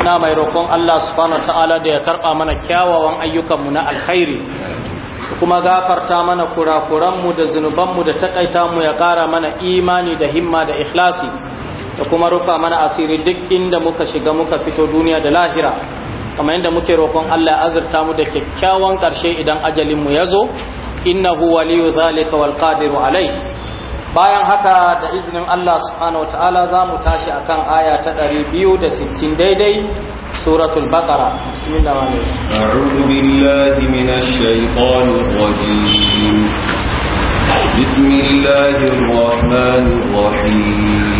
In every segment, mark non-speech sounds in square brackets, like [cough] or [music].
ina mai roƙon Allah subhanahu ta'ala da ya karɓa mana kyawawan ayyukanmu na alkhairi kuma gafarta mana kurakuranmu da zunubanmu da takaita mu ya ƙara mana imani da himma da ikhlasi da kuma rufa mana asiri duk inda muka shiga muka fito duniya da lahira kamar yadda muke roƙon Allah azurta mu da kyakkyawan ƙarshe idan ajalinmu ya zo innahu waliyu zalika wal qadiru alai bayan haka da izinin Allah subhanahu wataala za mu tashi akan aya ta 260 daidai suratul baqara bismillah wa a'udhu billahi minash bismillahir rahmanir rahim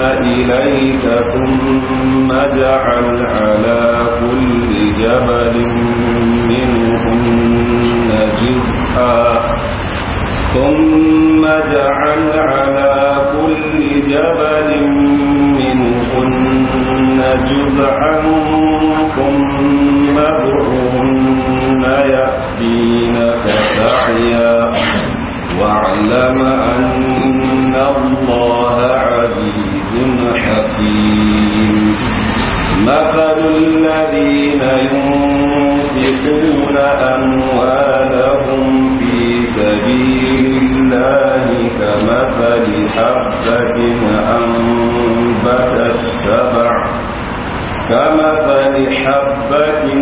إليك ثم جعل على كل جبل منهن جزءا ثم جعل على كل جبل منهن جزعا ثم ادعهن يأتينك سعيا واعلم أن الله عزيز حكيم مثل الذين ينفقون أموالهم في سبيل الله كمثل حبة أنبتت سبع كمثل حبة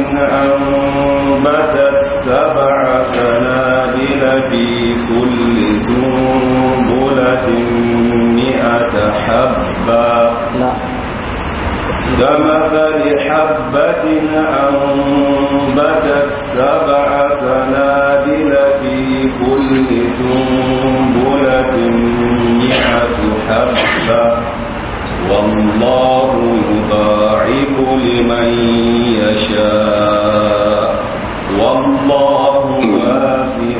أنبتت سبع سنابل في كل سنبلة مئة حبة حبا لا كمثل حبة أنبتت سبع سنابل في كل سنبلة مئة حبة والله يضاعف لمن يشاء والله واسع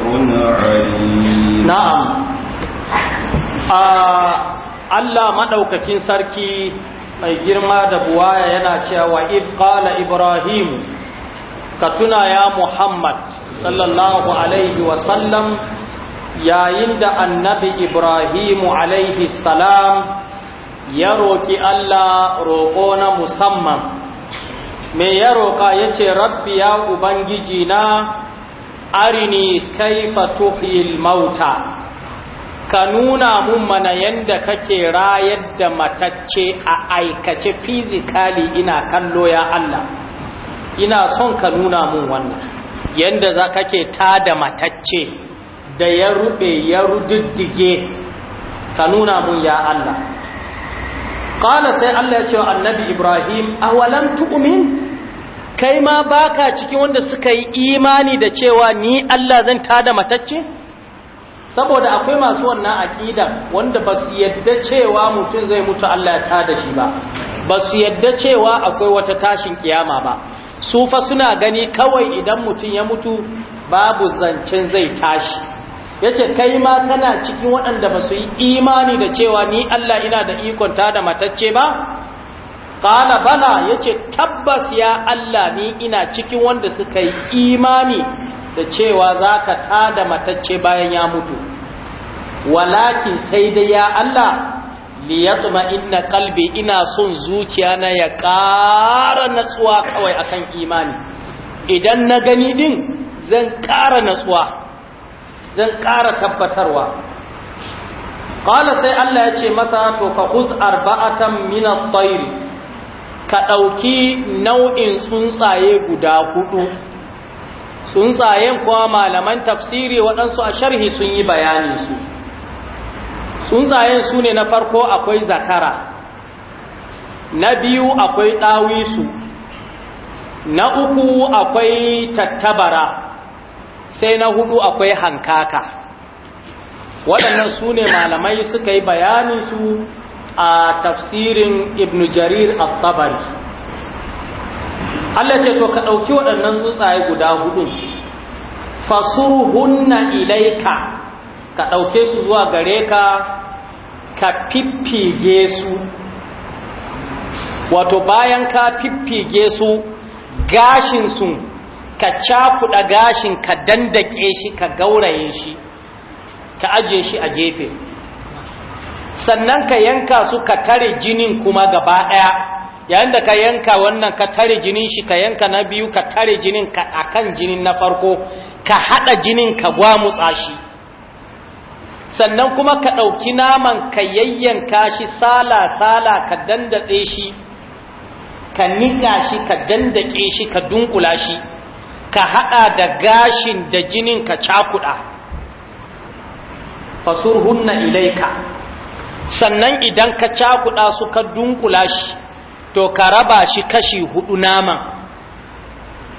عليم نعم آه Allah maɗaukakin sarki mai girma da buwaya yana cewa ibqala Ibrahim ka tuna ya Muhammad sallallahu alaihi wasallam yayin da annabi Ibrahimu alaihi salam ya roƙi Allah roƙo na musamman me ya roƙa ya ce rabbi ya Ubangiji na arini kaifa tuhil mauta ka nuna mun mana yanda kake rayar da matacce a aikace fizikali ina kallo ya Allah ina son ka nuna mun wannan yadda za kake tada matacce da ya rube ya rududdige ka nuna mun ya Allah Kala sai Allah ya ce wa annabi Ibrahim a walan tu'umin kai ma baka cikin wanda suka yi imani da cewa ni Allah zan tada matacce saboda akwai masu wannan aƙida, wanda ba su yadda cewa mutum zai mutu Allah ya tada shi ba ba su yadda cewa akwai wata tashin kiyama ba su fa suna gani kawai idan mutum ya mutu babu zancen zai tashi yace kai ma kana cikin waɗanda ba su yi imani da cewa ni Allah ina da ikon tada matacce ba Kala bana yace tabbas ya Allah ni ina cikin wanda suka yi imani da cewa za ka tada matacce bayan ya mutu walakin sai dai ya Allah liyatma inna kalbi ina son zuciya na ya ƙara natsuwa kawai akan imani idan na gani din zan ƙara natsuwa zan ƙara tabbatarwa kala sai Allah ya ce masa to fa khuz arba'atan min ka ɗauki nau'in tsuntsaye guda hudu tsuntsayen kuwa malaman tafsiri waɗansu a sharhi sun yi bayani su tsuntsayen su ne na farko akwai zakara na biyu akwai ɗawisu na uku akwai tattabara sai na hudu akwai hankaka waɗannan su ne malamai suka yi bayanin su a tafsirin ibn jarir al-tabari Allah ce to ka ɗauki waɗannan tsuntsaye guda hudun fasuruhunna ilaika ka ɗauke su zuwa gare ka ka fiffige su wato bayan ka fiffige su gashinsu ka cakuɗa gashin ka dandake shi ka gauraye shi ka ajiye shi a gefe sannan ka yanka su ka tare jinin kuma gaba ɗaya yayin da ka yanka wannan ka tare jinin shi ka yanka na biyu ka tare jinin ka akan jinin na farko ka hada jinin ka gwamutsa shi sannan kuma ka dauki naman ka yayyanka shi sala sala ka dandade shi ka nika shi ka dandake shi ka dunkula shi ka hada da gashin da jinin ka cakuda fasurhunna ilaika sannan idan ka cakuda su ka dunkula shi to ka raba shi kashi hudu naman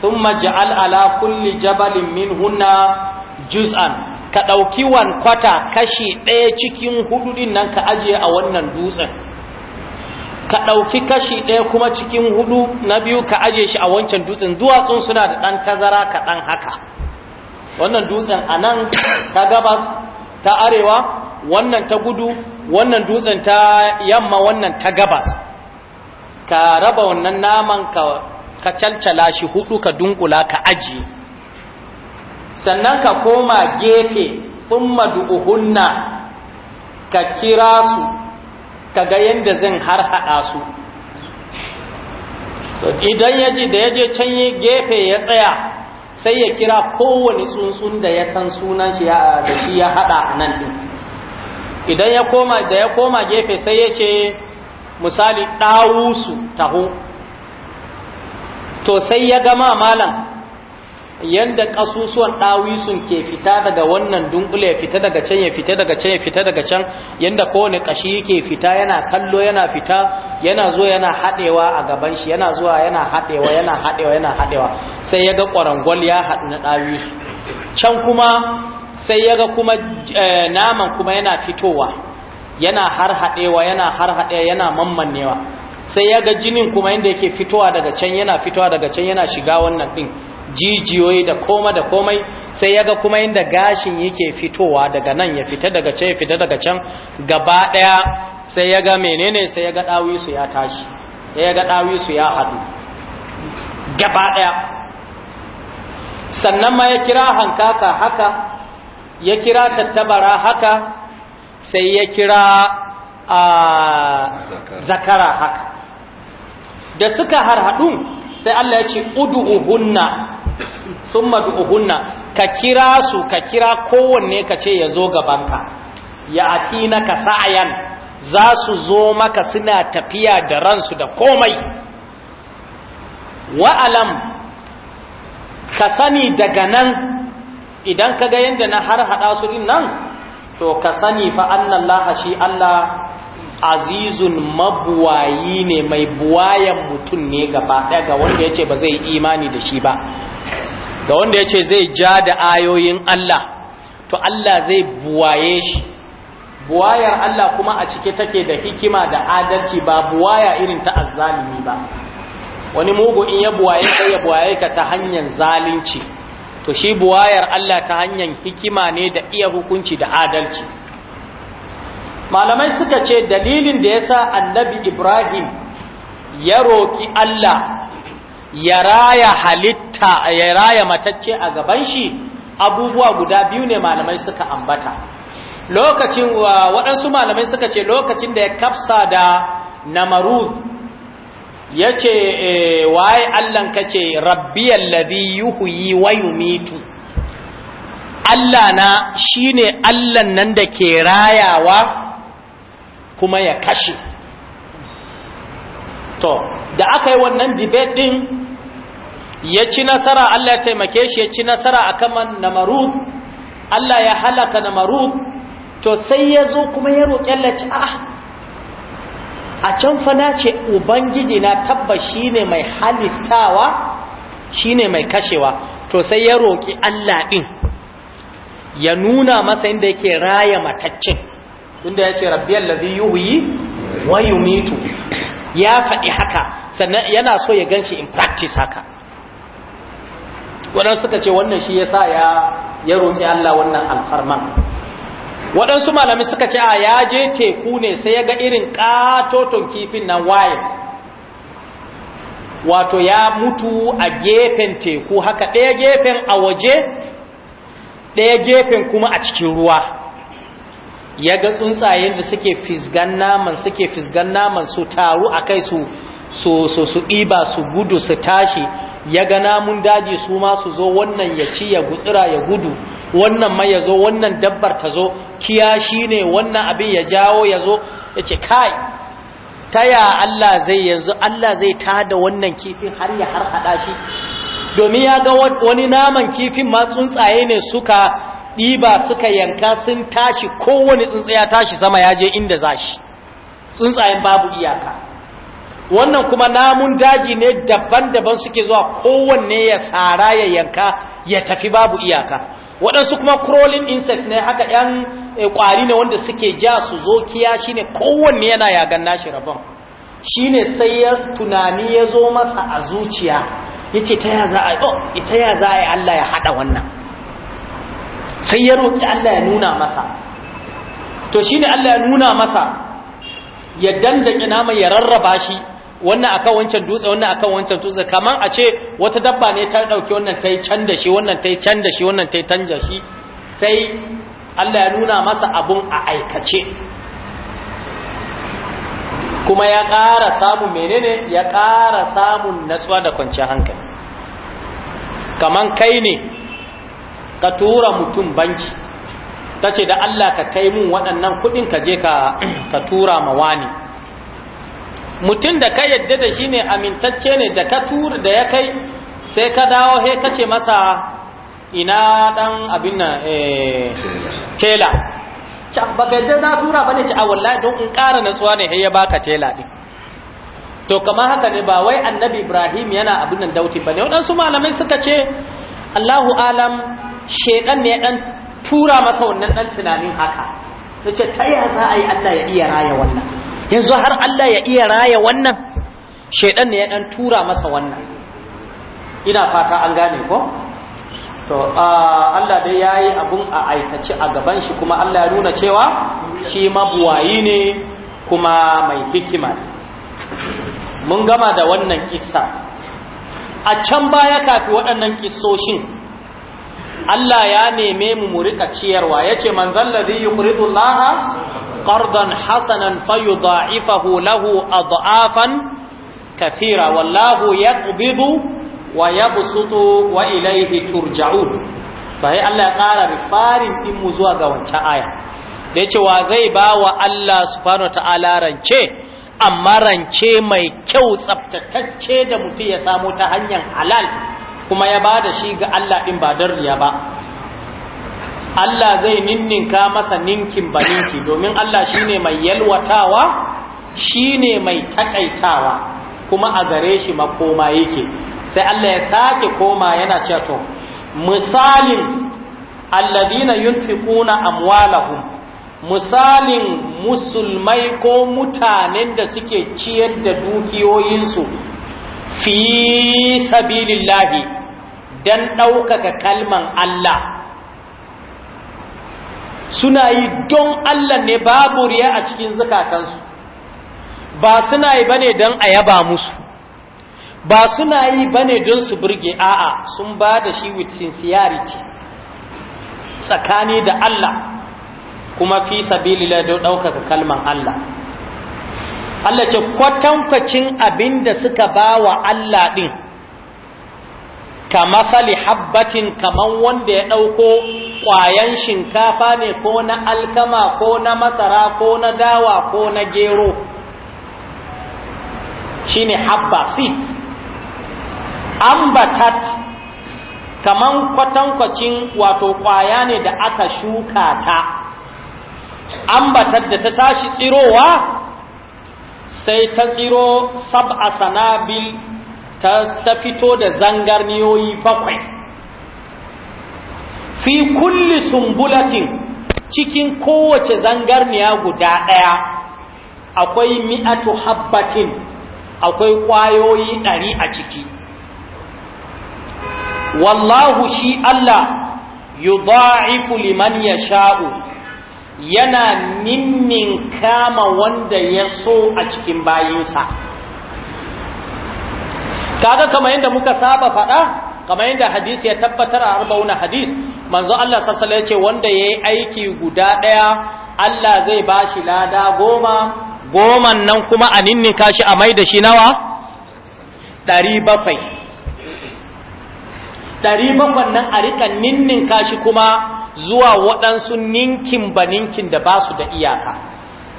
sun maji al'ala kulli jabalin hunna juz'an ka ɗauki wankwata kashi ɗaya cikin hudu nan ka ajiye a wannan dutsen ka ɗauki kashi ɗaya kuma cikin hudu na biyu ka ajiye shi a wancan dutsen duwatsun suna da ɗan tazara ka ɗan haka wannan dutsen a nan ta gabas ta arewa wannan ta gudu wannan dutsen ta yamma wannan ta gabas ka raba wannan naman ka ka calcala shi hudu ka dunkula ka aji sannan ka koma gefe thumma du'uhunna ka kira su ka ga yanda zan har hada su to idan yaji da yaje can gefe ya tsaya sai ya kira kowane tsuntsun da ya san sunan shi da shi ya hada nan din idan ya koma da ya koma gefe sai ya ce misali ɗawusu taho to sai ya gama malam yadda ƙasusuwan ɗawisun ke fita daga wannan dunkule ya fita daga can ya fita daga can ya fita daga can yadda kowane ƙashi yake fita yana kallo yana fita yana zuwa yana haɗewa a gaban shi yana zuwa yana haɗewa yana haɗewa yana haɗewa sai ya ga ƙwarangwal ya haɗu na ɗawisu can kuma sai ya ga kuma eh, naman kuma yana fitowa yana har haɗewa yana har haɗewa yana mammannewa sai ya ga jinin kuma inda yake fitowa daga can yana fitowa daga can yana shiga wannan ɗin jijiyoyi da koma da komai sai ya ga kuma inda gashin yake fitowa daga nan ya fita daga can ya fita daga can gaba ɗaya sai ya ga menene sai ya ga ɗawisu ya tashi sai ya ga ɗawisu ya haɗu gaba ɗaya sannan ma ya kira hankaka haka ya kira tattabara haka sai ya kira a zakara haka da suka harhaɗu sai Allah ya ce udu'uhunna sun hunna ka kira su ka kira kowanne ka ce ya zo gabanka ya ati na ka sa'ayan za su zo maka suna tafiya da ransu da komai wa'alam ka sani daga nan idan ka ga yadda na harhaɗa su din nan to ka sani fa annallaha shi Allah azizun mabuwayi ne mai buwayan mutum ne gaba ɗaya ga wanda ya ce ba zai imani da shi ba ga wanda ya ce zai ja da ayoyin Allah to Allah zai buwaye shi buwayar Allah kuma a cike take da hikima da adalci ba buwaya irin ta azzalimi ba wani mugu in ya buwaye ka ya buwaye ka ta hanyar zalunci to shi buwayar Allah ta hanyar hikima ne da iya hukunci da adalci malamai suka ce dalilin da yasa annabi Ibrahim ya roki Allah ya raya halitta ya raya matacce a gaban shi abubuwa guda biyu ne malamai suka ambata lokacin waɗansu malamai suka ce lokacin da ya kafsa da namarud ya ce eh, waye allan ka ce rabbiyar ladhi yuhuyi wa yumitu allah na shine allan nan da ke rayawa kuma ya kashe to da aka yi wannan debate din ya ci nasara allah ya taimake shi ya ci nasara akan man namarud allah ya halaka namarud to sai ya zo kuma ya roƙi allah ce a can fana ce ubangiji na tabbas shine mai halittawa shine mai kashewa to sai ya roƙi Allah ɗin ya nuna masa inda yake raya matacce inda yace ce rabbiyar lazi yuhuyi wa yumitu ya faɗi haka sannan yana so ya ganshi in practice haka Wadanda suka ce wannan shi ya sa ya roƙi Allah wannan alfarman waɗansu malami suka ce a ya je teku ne sai ya ga irin ƙatoton kifin nan waye wato ya mutu a gefen teku haka ɗaya gefen a waje ɗaya gefen kuma a cikin ruwa ya ga tsuntsayen da suke fisgan naman suke fisgan naman su taru a kai su so so su ɗiba su gudu su tashi ya ga namun daji su ma su zo wannan ya ci ya gutsira ya gudu wannan mai ya zo wannan dabbar ta zo kiyashi ne wannan abin ya jawo ya zo ya ce kai ta ya Allah zai yanzu Allah zai tada wannan kifin har ya har hada shi domin ya ga wani naman kifin ma tsuntsaye ne suka ɗiba suka yanka sun tashi kowane tsuntsaya tashi sama ya je inda za shi tsuntsayen babu iyaka wannan kuma namun daji ne daban-daban suke zuwa kowanne ya tsara ya yanka ya tafi babu iyaka waɗansu kuma crawling insect ne haka ‘yan eh, ƙwari ne wanda suke ja su zo kiya shi ne kowanne yana yagan nashi rabon shi ne sai ya tunani ya zo masa a zuciya ya ce ta ya za a yi oh, ita ya a yi Allah ya haɗa wannan sai ya roƙi Allah ya nuna masa to shi ne Allah ya nuna masa ya dandaƙi nama ya rarraba shi wannan akan wancan dutse wannan akan wancan dutse kaman a ce wata dabba ne ta dauki wannan ta yi can shi wannan ta yi can shi wannan ta yi canja shi sai Allah ya nuna masa abun a aikace kuma ya ƙara samun menene ya ƙara samun natsuwa da kwanciyar hankali kaman kai ne ka tura mutum banki ta ce da Allah ka kai mun waɗannan kuɗin ka je ka tura ma wani mutum da ka yadda da shi ne amintacce ne da ka tur da ya kai sai ka dawo he ce masa ina dan abin nan eh, tela. ba baka yadda na tura ne ci a wallahi don in ƙara natsuwa ne he ya baka tela din to kamar haka ne ba wai annabi ibrahim yana abin nan dauti ne, waɗansu malamai suka ce allahu alam shaidan ne dan tura masa wannan dan tunanin haka Ta ce ta yaya za a yi allah ya iya raya wannan yanzu har Allah ya iya raya wannan shaidan ne ya dan tura masa wannan ina fata an gane ko to Allah dai yayi abun a aikace a gaban shi kuma Allah ya nuna cewa shi mabuwayi ne kuma mai hikima mun gama da wannan kissa a can baya kafi waɗannan kissoshin Allah ya neme mu mu rika ciyarwa yace man ladhi yuqridu Allah قرضا حسنا فيضاعفه له أضعافا كثيرة والله يقبض ويبسط وإليه ترجعون فهي الله قال بفارم إم زواغا وانتا آية ديش وازي باوى الله سبحانه وتعالى رنشي amma rance mai kyau tsaftatacce da mutum ya samu ta hanyar halal kuma ya ba da shi ga Allah ɗin ba don riya ba Allah zai ninninka masa ninkin baninki domin Allah shi ne mai yalwatawa shi ne mai takaitawa kuma a gare shi makoma yake sai Allah ya sake koma yana ceto. Misalin, misalin alladina yunfiquna amwalahum misalin musulmai ko mutanen da suke ciyar da dukiyoyinsu fi sabilillahi dan ɗaukaka kalman Allah suna yi don Allah ne babu riya a cikin zukatansu ba suna yi bane don a yaba musu ba suna yi bane don su burge a'a sun ba da shi with sincerity tsakani da Allah kuma fi sabilillah don ɗaukaka kalman Allah Allah ce kwatankwacin abin da suka ba wa Allah ɗin ka matsali habbatin kaman wanda ya ɗauko ƙwayan shinkafa ne ko na alkama ko na masara ko na dawa ko na gero shi ne habba fit ambatat kaman kwatankwacin wato ƙwaya ne da aka shuka ta ambatat da ta tashi tsirowa sai ta tsiro sab'a sanabil ta fito da zangarniyoyi bakwai fi kulli sumbulatin cikin kowace zangarniya guda ɗaya akwai mi'atu habbatin akwai ƙwayoyi ɗari a ciki wallahu shi Allah yudha'ifu liman yasha'u yana ninnin kama wanda ya so a cikin bayinsa kaga kamar yadda muka saba faɗa kamar yadda hadisi ya tabbatar a arbauna hadis manzo Allah sallallahu alaihi ce wanda yi aiki guda ɗaya, Allah zai bashi lada goma goman nan kuma a ninninka shi a mai da shi nawa 700 ɗari bakwai nan a rika ninnin shi kuma zuwa waɗansu ninkin ba ninkin da ba su da iyaka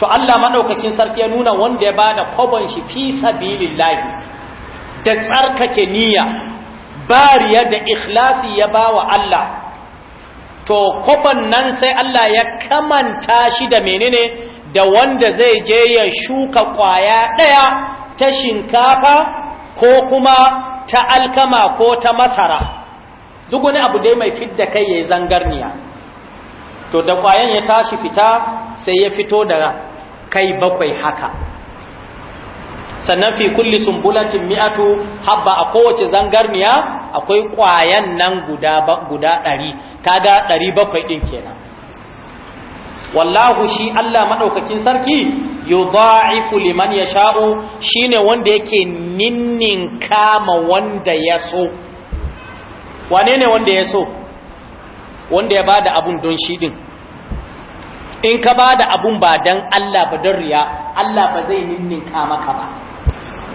to Allah maɗaukakin sarki ya nuna wanda ya ba da kwabon shi fi sabilillahi da tsarkake niyya bariya da ikhlasi ya ba wa Allah to kofan nan sai Allah ya kamanta shi da menene da wanda zai je ya shuka kwaya ɗaya ta shinkafa ko kuma ta alkama ko ta masara duk wani abu dai mai fidda kai ya zangarniya to da kwayan ya tashi fita sai ya fito da kai bakwai haka sannan fi kulli sumbulatin mi'atu habba a kowace zangarniya akwai ƙwayan nan guda guda ɗari kaga ɗari bakwai ɗin kenan wallahu shi Allah maɗaukakin sarki yudha'ifu liman yasha'u shine wanda yake ninnin kama wanda ya so wane ne wanda ya so wanda ya bada abun don shi din in ka bada abun ba dan Allah ba don riya Allah ba zai ninnin kama maka ba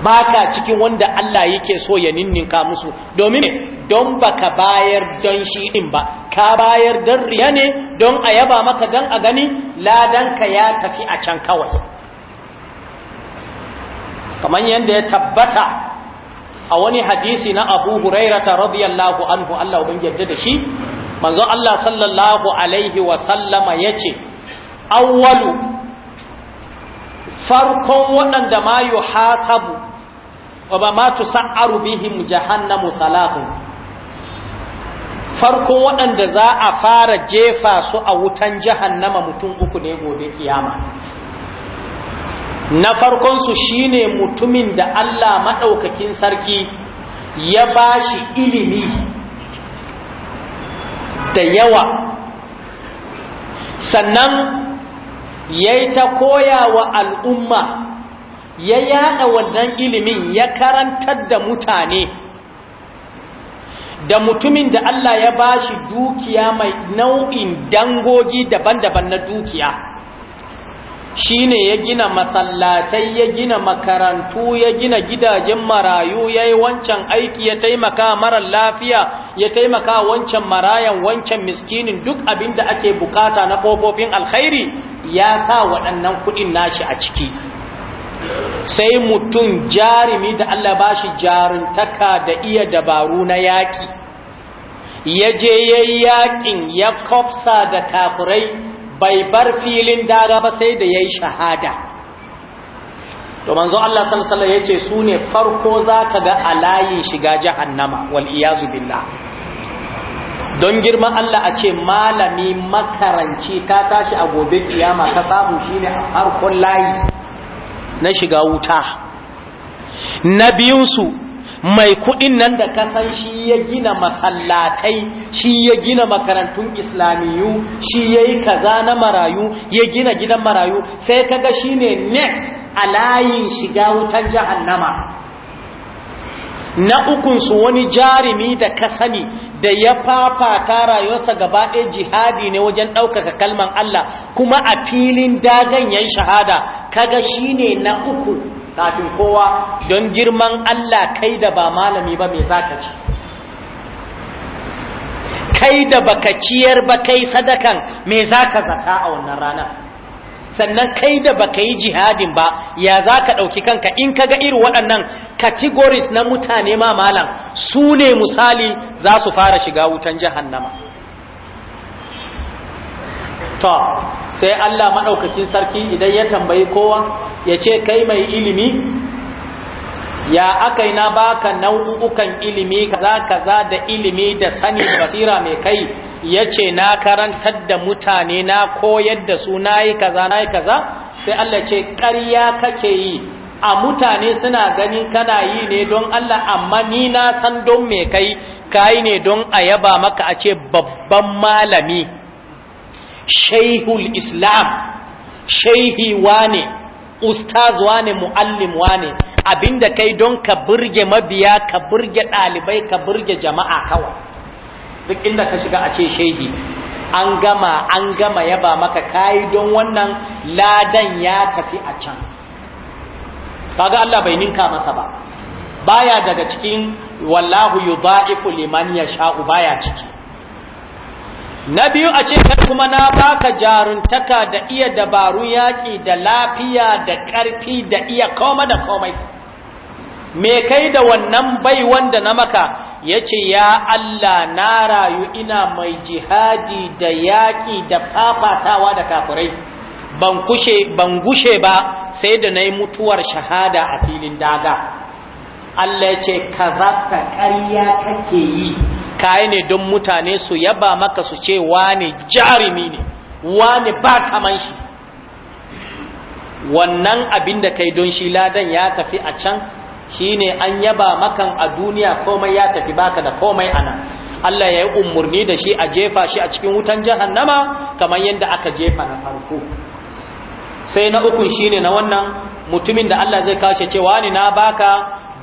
ka cikin wanda Allah yake so ya ninninka musu domin don baka bayar don shi din ba ka bayar don riya ne don a yaba maka don a gani ladanka ya tafi a can kawai kamar yadda ya tabbata a wani hadisi na Abu Hurairata radiyallahu anhu Allah ubangiji da shi manzon Allah sallallahu alaihi wa sallama yace awwalu farkon waɗanda ma yi hasabu wa ba ma tusa'aru bihim jahannamu thalathun farko waɗanda za a fara jefa su a wutan jahannama mutum uku ne gobe kiyama na farkon su shine mutumin da Allah maɗaukakin sarki ya ba shi ilimi da yawa sannan yayi ta koyawa al'umma ya yada wannan ilimin ya karantar da mutane da mutumin da Allah ya bashi dukiya mai nau'in dangogi daban-daban na dukiya shi ne ya gina masallatai ya gina makarantu ya gina gidajen marayu ya yi wancan aiki ya taimaka marar lafiya ya taimaka wancan marayan wancan miskinin duk abin da ake bukata na kofofin alkhairi ya ka waɗannan kuɗin nashi a ciki sai mutum jarumi da Allah ba shi jaruntaka da iya dabaru na yaƙi ya je ya yi yaƙin ya kofsa da kafurai bai bar filin dara ba sai da ya yi shahada to manzo Allah sallallahu ya ce su ne farko za ka ga alayin shiga jahannama wal iyazu billah don girman Allah a ce malami makaranci ta tashi a gobe kiyama ka samu shine a farkon layi na shiga wuta na biyunsu mai kudin nan da kasan shi ya gina masallatai shi ya gina makarantun islamiyu shi ya yi kaza na marayu ya gina gidan marayu sai kaga shine next a layin shiga wutan jahannama na ukunsu wani jarumi da ka sani da ya fafata rayuwarsa gaba ɗaya jihadi ne wajen ɗaukaka kalman Allah kuma a filin daganyen shahada kaga shi ne na uku kafin kowa don girman Allah kai da ba malami ba mai zaka ci kai da baka ciyar ba kai sadakan me zaka zata a wannan rana? sannan kai da baka yi jihadin ba ya zaka ka ɗauki kanka in ka ga irin waɗannan categories na mutane ma malam su ne misali za su fara shiga wutan jahannama to sai Allah maɗaukakin sarki idan ya tambayi kowa ya ce kai mai ilimi ya aka na baka nau'ukan ilimi kaza kaza da ilimi da sani basira mai kai ya ce na karantar da mutane na koyar da su na yi kaza na yi kaza sai Allah ce ƙarya kake yi a mutane suna ganin kana yi ne don Allah amma ni na san don me kai kai ne don a yaba maka a ce babban malami shaihul islam shaihi wane ustaz wane muallim wane abinda kai don ka burge mabiya ka burge ɗalibai ka burge jama'a kawai duk inda ka shiga a ce shaihi an gama an gama yaba maka kayi don wannan ladan ya tafi a can kaga Allah bai ninka masa ba baya daga cikin wallahu yudaifu liman yasha'u baya ciki na biyu a ce kai kuma na baka jaruntaka da iya dabaru yaki da lafiya da ƙarfi da iya koma da komai me kai da wannan bai wanda na maka yace ya Allah na rayu ina mai jihadi da yaki da fafatawa da kafurai. ban kushe ban gushe ba sai da nayi mutuwar shahada a filin daga Allah ya ce kazabta ƙarya kake yi kai ne don mutane su yaba maka su ce wane jarimi ne wane ba kaman shi wannan abin da kai don shi ladan ya tafi a can shine an yaba makan a duniya komai ya tafi baka da komai nan. Allah ya yi umarni da shi a jefa shi a cikin wutan jahannama kamar yadda aka jefa na farko sai na ukun shine na wannan mutumin da Allah zai kashe cewa ne na baka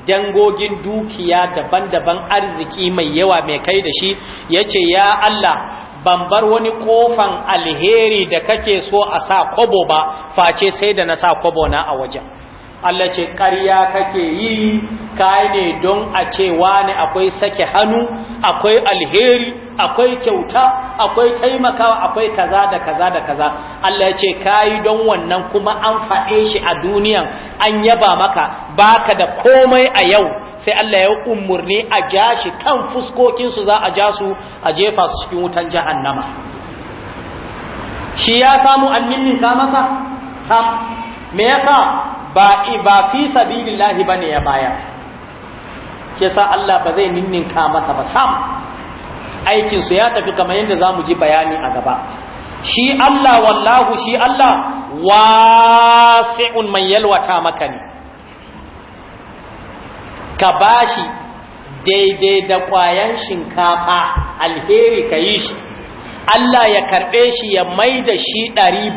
dangogin dukiya daban-daban arziki mai yawa mai kai da shi yace ya Allah ban bar wani kofan alheri da kake so a sa kobo ba face sai da na sa kobo na a wajen Allah ce ƙarya kake yi ka ne don a ce wani akwai sake hannu akwai alheri akwai kyauta akwai taimakawa akwai kaza da kaza da kaza Allah ya ce yi don wannan kuma an faɗe shi a duniyan an yaba maka baka da komai a yau sai Allah ya umurni a ja shi kan fuskokinsu za a ja su a jefa su cikin wutan jahannama shi ya samu an ninninka masa sam me yasa ba ba fi sabilillahi bane ya baya. ke sa Allah ba zai ninninka masa ba sam aikin su ya tafi kamar yadda zamu ji bayani a gaba shi Allah wallahu shi Allah wasi'un man yalwata maka ne ka bashi daidai da kwayan shinkafa alheri ka yi shi Allah ya karbe shi ya maida shi ɗari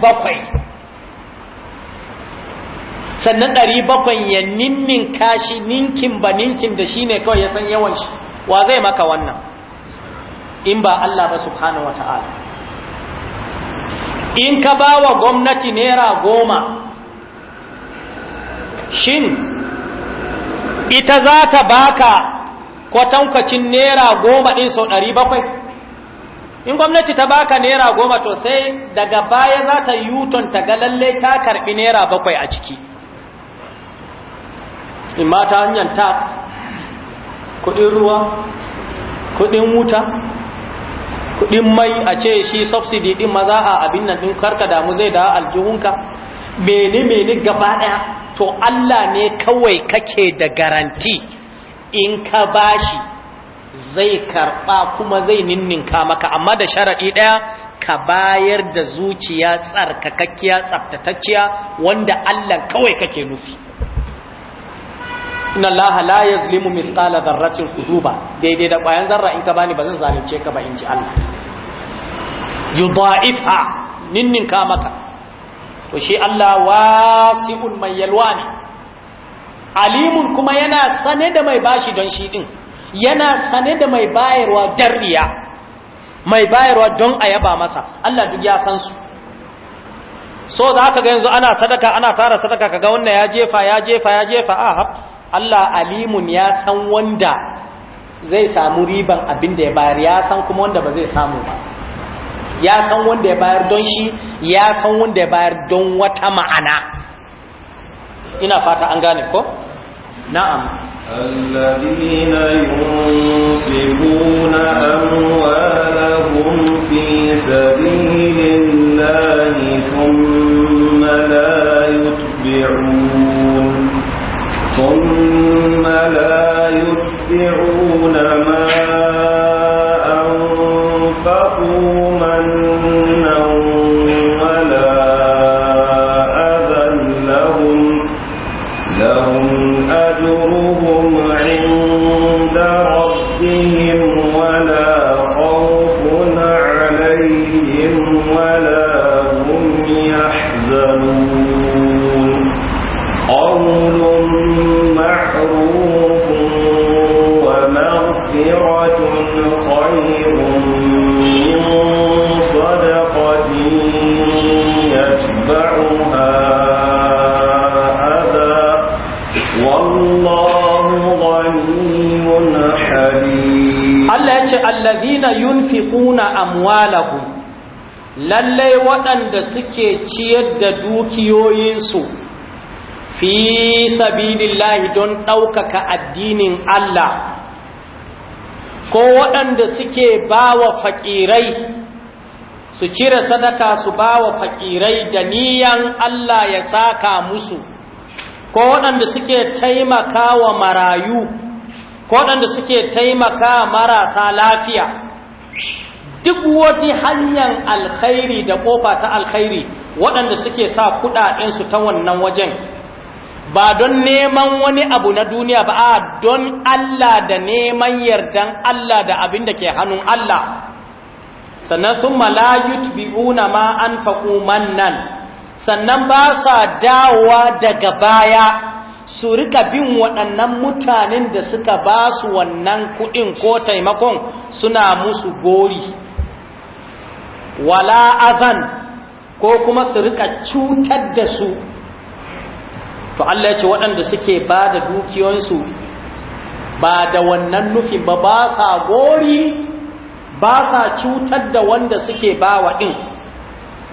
sannan ɗari bakwai ya ninnin kashi ninkin ba ninkin da shi ne kawai ya san yawan shi wa zai maka wannan in ba Allah ba subhanahu wata'ala in ka ba wa gwamnati naira goma shin ita za ta baka kwatankwacin naira goma ɗin sau ɗari bakwai in gwamnati ta baka naira goma to sai daga baya za ta yuton ta ga lalle ta karbi naira bakwai a ciki in ma ta hanyar tax kudin ruwa kudin wuta kudin mai a ce shi subsidy din maza a abin nan din karka damu zai da aljihunka mene mene gaba daya to Allah ne kawai kake da garanti in ka bashi zai karba kuma zai ninninka maka amma da sharadi daya ka bayar da zuciya tsarkakakkiya tsaftatacciya wanda Allah kawai kake nufi inna allaha la yazlimu mithqala dharratin khuduba daidai da ƙwayan zarra in ka bani bazan zalunce ka ba in ji Allah yudha'ifha ninnin ka maka to shi Allah wasi'un mai yalwa ne alimun kuma yana sane da mai bashi don shi din yana sane da mai bayarwa jarriya mai bayarwa don a yaba masa Allah duk ya san su so za ka ga yanzu ana sadaka ana fara sadaka kaga wannan ya jefa ya jefa ya jefa a Allah alimun ya san wanda zai samu riban abin da ya bayar ya san kuma wanda ba zai samu ba ya san wanda ya bayar don shi ya san wanda ya bayar don wata ma'ana ina fata an gane ko na'am الذين ينفقون أموالهم في سبيل الله ثم لا يوم لا يتبعون ما alladhina yunfiquna amwalahum lalle waɗanda suke ciyar da dukiyoyinsu fi sabilillahi don ɗaukaka addinin Allah ko waɗanda suke bawa fakirai su cire sadaka su bawa fakirai da niyan Allah ya saka musu ko waɗanda suke taimakawa marayu ko waɗanda suke taimaka marasa lafiya duk wani hanyar alkhairi da ƙofa ta alkhairi waɗanda suke sa kuɗaɗensu ta wannan wajen ba don neman wani abu na duniya ba a don Allah da neman yardan Allah da abin da ke hannun Allah sannan sun malayut bi'una ma an faƙo mannan sannan ba sa dawowa daga baya su rika bin waɗannan mutanen da suka ba su wannan kuɗin ko taimakon suna musu gori wala azan ko kuma su rika cutar da su to Allah ya ce waɗanda suke ba da dukiyoyinsu ba da wannan nufin ba ba sa gori ba sa cutar da wanda suke ba wa ɗin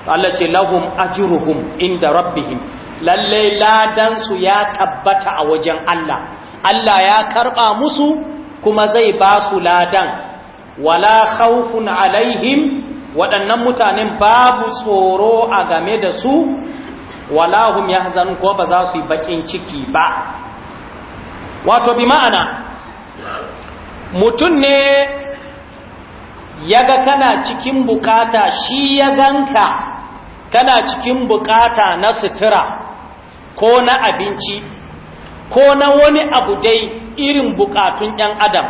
Allah ce lahum ajruhum inda rabbihim lallai su ya tabbata a wajen Allah Allah ya karɓa musu kuma zai ba su ladan wala khawfun alaihim waɗannan mutanen babu tsoro a game da su wala hum yahzanun ko ba za su yi bakin ciki ba wato bi ma'ana mutum ne yaga kana cikin bukata shi ya ganka kana cikin bukata na sutura ko na abinci ko na wani abu dai irin bukatun ɗan adam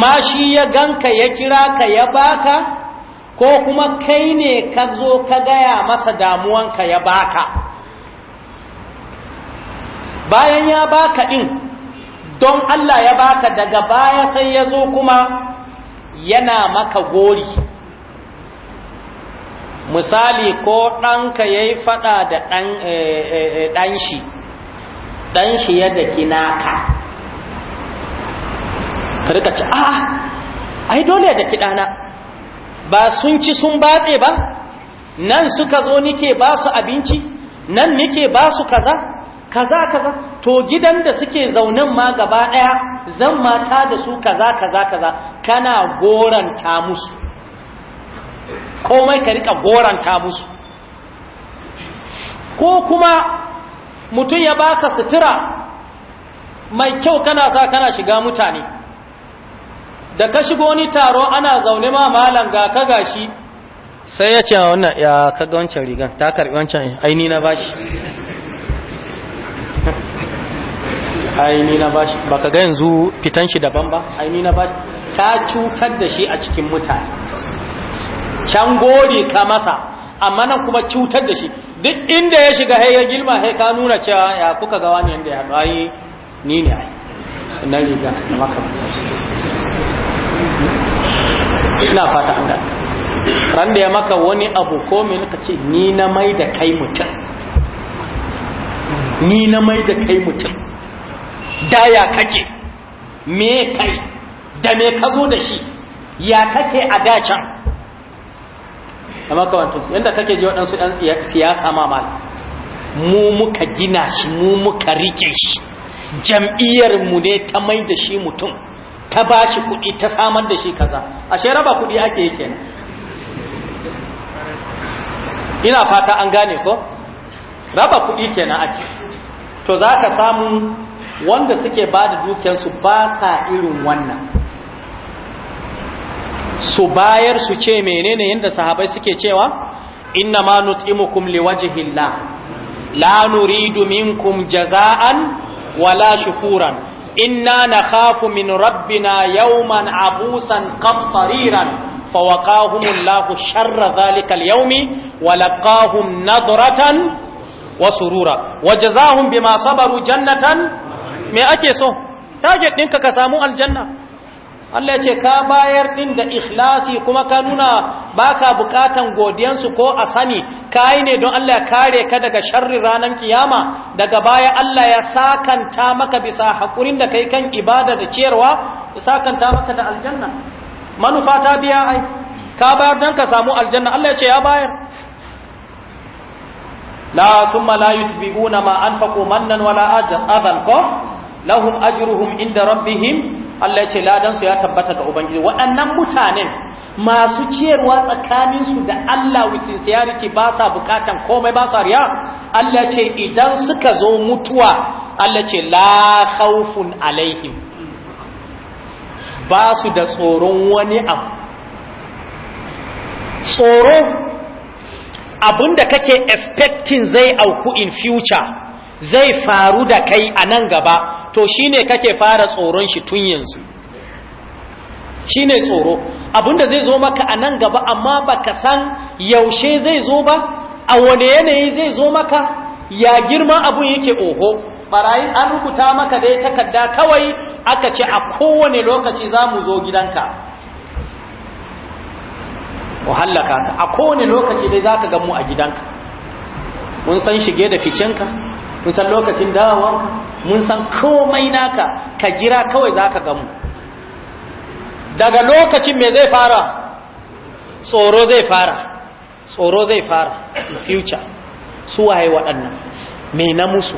ma shi ya ganka ya kira ka ya baka ko kuma kai ne ka zo ka gaya masa damuwanka ya baka bayan ya baka ɗin don Allah ya baka daga baya sai ya zo kuma yana maka gori misali ko ɗanka ya yi faɗa da eh, eh, eh, shi, ɗan shi ya daki naka ka ci a ai dole da kiɗana ba sun ci sun batse ba nan suka zo nike ba su abinci nan nike ba su kaza kaza kaza to gidan da suke zaunan ma gaba ɗaya zan mata da su kaza kaza kaza kana goranta musu komai ka rika goranta musu ko kuma mutum ya baka sutura mai kyau kana sa kana shiga mutane da ka shigo ni taro ana zaune ma malam ga ka gashi sai ya ce wannan ya kaga wancan rigan ta karbi wancan aini na bashi [laughs] aini na bashi baka ga yanzu fitan shi daban ba aini na bashi ta cutar da shi a cikin mutane can gori ka masa amma nan kuma cutar da shi duk inda ya shiga ya gilma sai ka nuna cewa ya kuka ga wani yanda ya bayi ni ne ai na riga na maka ina fata an gani. ran da ya maka wani abu ko me ka ce ni na mai da kai mutum ni na mai da kai mutum daya kake me kai da me ka zo da shi ya kake a dacan da makamantar su yadda kake ji waɗansu ɗan siyasa mamal mu muka gina shi mu muka rike shi jam'iyyar mu ne ta mai da shi mutum ta ba shi kuɗi ta samar da shi kaza ashe raba kuɗi ake yi ne ina fata an gane ko raba kuɗi na ake to za ka samu wanda suke ba da dukiyarsu ba sa irin wannan su bayar su ce menene yadda sahabai suke cewa inna ma nut'imukum liwajhillah la nuridu minkum jaza'an wala shukuran inna nakhafu min rabbina yawman abusan qamtariran فوقاهم الله شر ذلك اليوم ولقاهم نظرة وسرورا وجزاهم بما صبروا جنة ما أكي سو تاجد ننك كسامو Allah ya ce ka bayar ɗin da ikhlasi kuma ka nuna baka bukatan godiyansu ko a sani kai ne don Allah ya kare ka daga sharri ranar kiyama daga baya Allah ya sakanta maka bisa haƙurin da kai kan ibada da ciyarwa ya sakanta maka da aljanna manufa ta biya ai ka bayar don ka samu aljanna Allah ya ce ya bayar la thumma la yutbi'una ma an faƙo mannan wala adhan ko lahum ajruhum inda rabbihim Allah ya ce ladan su ya tabbata ga ubangiji waɗannan mutanen masu ciyarwa tsakanin su da Allah with sincerity ba sa bukatan komai ba sa riya Allah ya ce idan suka zo mutuwa Allah ya ce la khawfun alaihim ba su da tsoron wani abu tsoro abinda kake expecting zai auku in future zai faru da kai a nan gaba to shine kake fara tsoron shi tun yanzu shine tsoro abinda zai zo maka a nan gaba amma baka san yaushe zai zo ba a wane yanayi zai zo maka ya girma abun yake oho barayin an rubuta maka dai takarda kawai aka ce a kowane lokaci za mu zo gidanka wahallaka ka a kowane lokaci dai za ka gamu a gidanka mun san shige da ficenka mun san lokacin dawowanka mun san komai naka ka jira kawai za ka gamu daga lokacin me zai fara tsoro zai fara tsoro zai fara future su waye waɗannan me na musu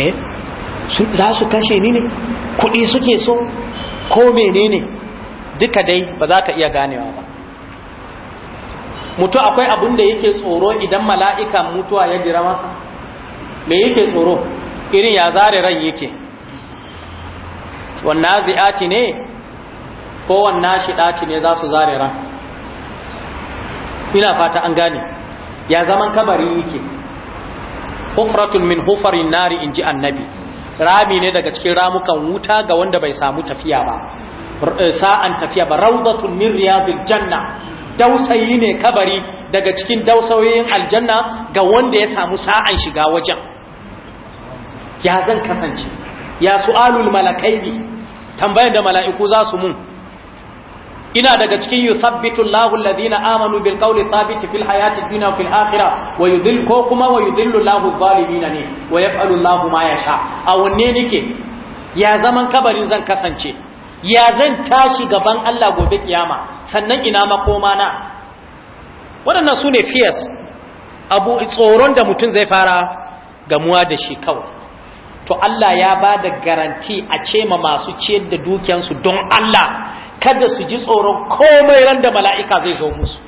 eh za su kashe ni ne kuɗi suke so ko menene duka dai ba za ka iya ganewa ba mutu akwai abin da yake tsoro idan mala'ikan mutuwa ya jira masa me yake tsoro irin ya zare ran yake wannan zi'ati ne ko wannan shiɗaci ne za su zare ran ina fata an gane ya zaman kabari yake hufratun min hufarin nari in ji annabi rami ne daga cikin ramukan wuta ga wanda bai samu tafiya ba eh, sa'an tafiya ba rawdatun min riyadil janna dausayi ne kabari daga cikin dausayoyin aljanna ga wanda ya samu sa'an shiga wajen ya zan kasance ya su'alul malakaini tambayar da mala'iku za su mun ina daga cikin yusuf Allahu Ladina amanu bil qawli sabiti fil hayati fil akhirah wa ko kuma wa yudhillu Allahu na ne wa falun Allahu ma sha? a wanne nake ya zaman kabarin zan kasance ya zan tashi gaban Allah gobe kiyama sannan ina makoma na waɗannan su ne fears abu tsoron da mutum zai fara gamuwa da shi kawai to Allah ya ba da garanti a ce ma masu ciyar da dukiyansu don Allah kada su ji tsoron komai ran da mala'ika zai zo musu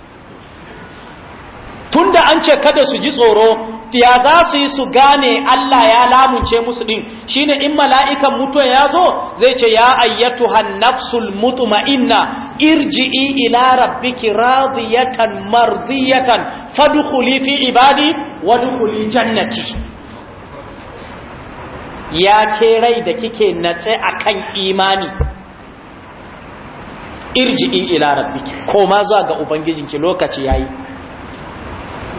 tunda an ce kada su ji tsoro ya za su yi su gane Allah ya lamunce musu ɗin shi ne in mala'ikan mutuwa ya zo zai ce ya ayyatu hannafsul mutuma'inna irji'i ila rabbiki radiyatan mardiyatan fadukuli fi ibadi duhuli jannati ya ce rai da kike natse akan imani irji'i ila rabbiki ma zuwa ga ubangijinki lokaci yayi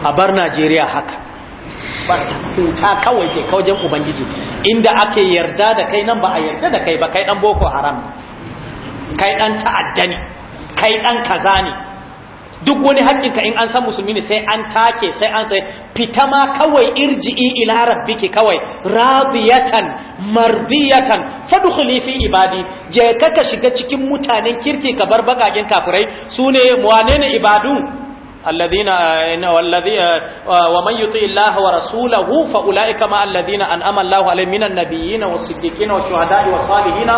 a bar Najeriya haka barta kawai ke kawajen ubangiji inda ake yarda da kai nan ba a yarda da kai ba kai dan boko haram kai dan ta'adda ne kai dan kaza ne duk wani haƙƙinka in an san musulmi ne sai an take sai an sai fita ma kawai irji'i ila rabbiki kawai radiyatan mardiyatan fadkhuli fi ibadi je ka ka shiga cikin mutanen kirki ka bar bagagen kafirai sune wane ne eh, eh, wa الذين والذي ومن يطع الله ورسوله فاولئك مع الذين انعم الله عليهم من النبيين والصديقين والشهداء والصالحين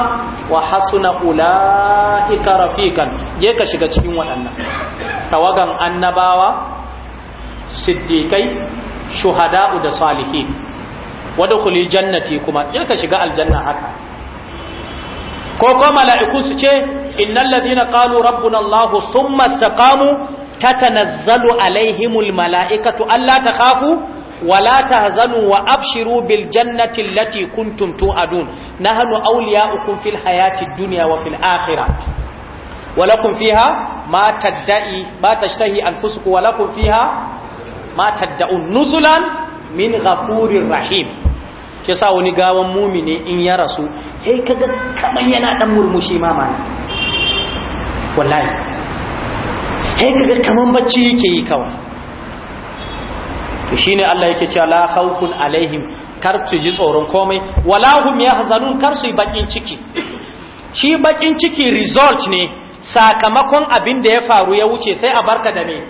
وحسن اولئك رفيقا je ka shiga cikin waɗannan tawagan annabawa siddiƙai shuhada'u da salihi wadda kuli jannati kuma ya shiga aljanna haka ko ko mala'iku su ce innan ladina qalu rabbuna allah thumma istaqamu tatanazzalu alaihimul mala'ikatu alla takhafu ولا تهزنوا وأبشروا بالجنة التي كنتم توعدون نحن fil hayati duniya wa fil akhira. Walakun fiha ma tadda'i ba tashtahi anfusukum walakun fiha ma tadda'un nuzulan min ghafurir rahim ke sa wani gawan mumine in ya rasu hey kaga kaman yana dan murmushi ma mana wallahi hey kaga kaman bacci yake yi kawai to shine Allah yake cewa la khawfun alaihim kar su ji tsoron komai wala hum yahzanun kar su yi bakin ciki shi bakin ciki result ne sakamakon abin da ya faru ya wuce sai a barka da ne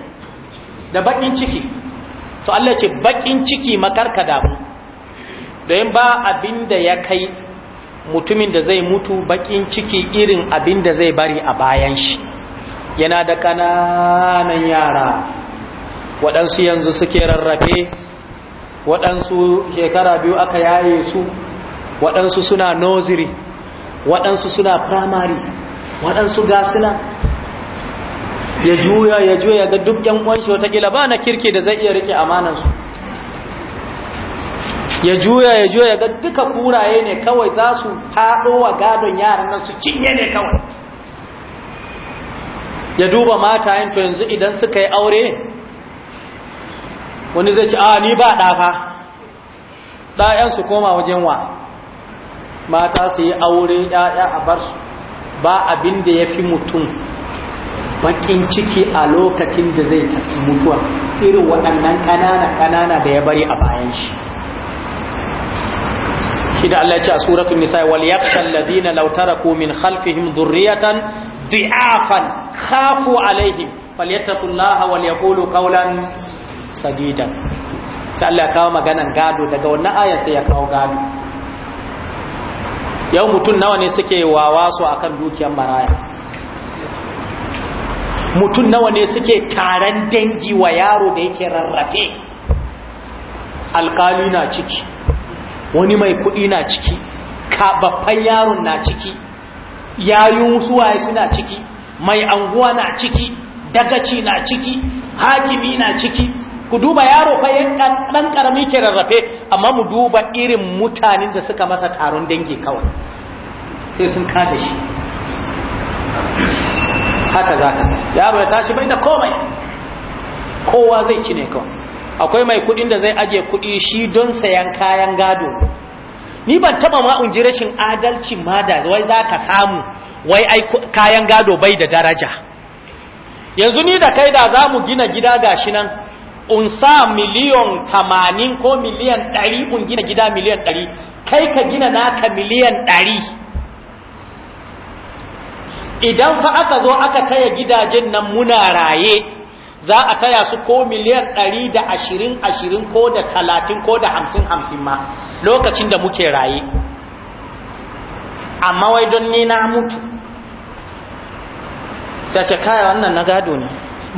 da bakin ciki to Allah ce bakin ciki makarka Da don ba abin da ya kai mutumin da zai mutu bakin ciki irin abin da zai bari a bayan shi yana da kananan yara waɗansu yanzu suke rarrafe waɗansu shekara biyu aka yaye su waɗansu suna noziri, waɗansu suna primary waɗansu gasina ya juya ya juya ga duk yan uwanshi watakila ba na kirki da zai iya rike amanansu ya juya ya juya ga duka kuraye ne kawai za su haɗo wa gadon yaran nan su cinye ne kawai ya duba yin to yanzu idan suka yi aure wani zai ci a ni ba ɗafa ɗayan su koma wajen wa mata su yi aure ɗaya a bar su ba abin da ya fi mutum bakin ciki a lokacin da zai tafi mutuwa irin waɗannan ƙanana-ƙanana da ya bari a bayan shi shi da Allah ce a suratun nisa wal yakhsha alladhina law taraku min khalfihim dhurriyatan dhi'afan khafu alaihim falyattaqullaha wal yaqulu qawlan sadida sai Allah ya kawo maganan gado daga wannan aya sai ya kawo gado yau mutum nawa ne suke wawa a kan dukiyar maraya mutum nawa ne suke taron dangi wa yaro da yake rarrafe alkali na ciki wani mai kudi na ciki kababban yaron na ciki yayun suwaye suna ciki mai anguwa na ciki dagaci na ciki hakimi na ciki ku duba yaro fa ɗan karami ke rarrafe amma mu duba irin mutanen da suka masa taron dangi kawai sai sun kada shi haka za ka yaro ya tashi bai da komai kowa zai cine ka akwai mai kudin da zai ajiye kudi shi don sayan kayan gado ni ban taba ma unji rashin adalci ma da wai zaka samu wai ai kayan gado bai da daraja yanzu ni da kai da za mu gina gida gashi nan unsa miliyon tamanin ko miliyan ɗari un gina gida miliyan ɗari kai ka gina naka miliyan ɗari idan fa aka zo aka taya gidajen nan muna raye za a taya su ko miliyan ɗari da ashirin ashirin ko da talatin ko da hamsin hamsin ma lokacin da muke raye amma wai don ni na mutu Sace kaya wannan na gado ne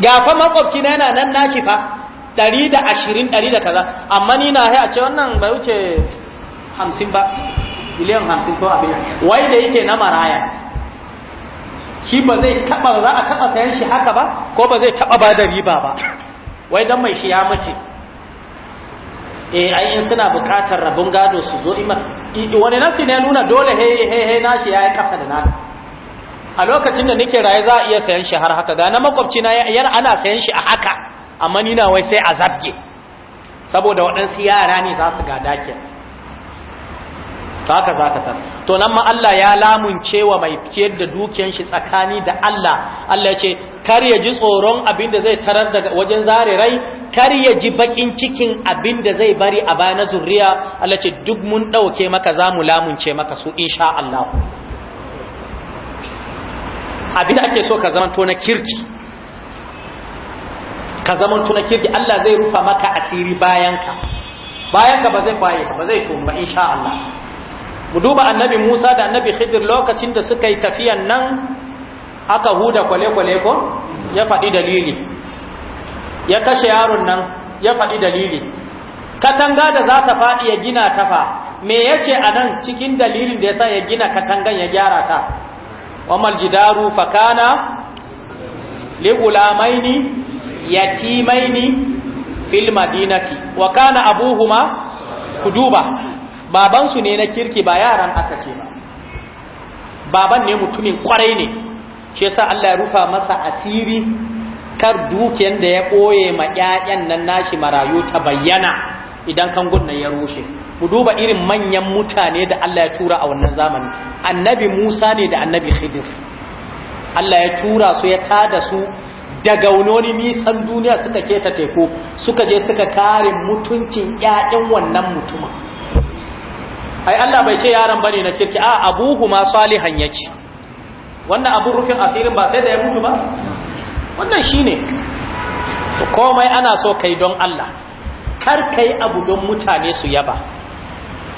gafa makwabci na yana nan nashi fa ɗari da ashirin ɗari da kaza amma ni na a ce wannan bai wuce hamsin ba miliyan hamsin ko abin wai da yake na maraya shi ba zai taɓa za a taɓa sayan shi haka ba ko ba zai taɓa ba da riba ba wai don mai shi ya mace eh ai in suna buƙatar rabin gado su zo ima wani nasi ne nuna dole he he he na ya yi kasa da naka a lokacin da nake raye za a iya sayan shi har haka ga na makwabci na yana ana sayan shi a haka amma ni na wai sai a zabge saboda waɗansu yara ne za su gada ke haka za ka tafi to nan ma Allah ya lamunce wa mai fiyar da dukiyan shi tsakani da Allah Allah ya ce kar ya ji tsoron abin da zai tarar daga wajen zare rai kar ya ji bakin cikin abin da zai bari a baya na zurriya Allah ya ce duk mun ɗauke maka za mu lamunce maka su insha Allah abin ake so ka zamanto na kirki ka zaman tuna kirki Allah zai rufa maka asiri bayanka bayanka ba zai kwaye ba zai tumu ba insha Allah mu duba annabi Musa da annabi Khidir lokacin da suka yi tafiyan nan aka huda kwale-kwale ko ya faɗi dalili ya kashe yaron nan ya faɗi dalili katanga da za ta faɗi ya gina ta fa me yace anan cikin dalilin da yasa ya gina katangan ya gyara ta wamal jidaru fakana li gulamaini yatimaini fil madinati wa kana abuhuma kuduba baban su ne na kirki ba yaran aka ce ba baban ne mutumin kwarai ne shi yasa Allah ya rufa masa asiri kar dukiyar da ya koye ma ƴaƴan nan nashi marayu ta bayyana idan kan gudun ya rushe mu duba irin manyan mutane da Allah ya tura a wannan zamani annabi Musa ne da annabi Khidir Allah ya tura su ya tada su daga wani nisan duniya suka keta teku suka je suka kare mutuncin ƴaƴan wannan mutumin ai Allah bai ce yaron bane na kirki a abuhu ma salihan yace wannan abun rufin asirin ba sai da ya mutu ba wannan shine komai ana so kai don Allah kar kai abu don mutane su yaba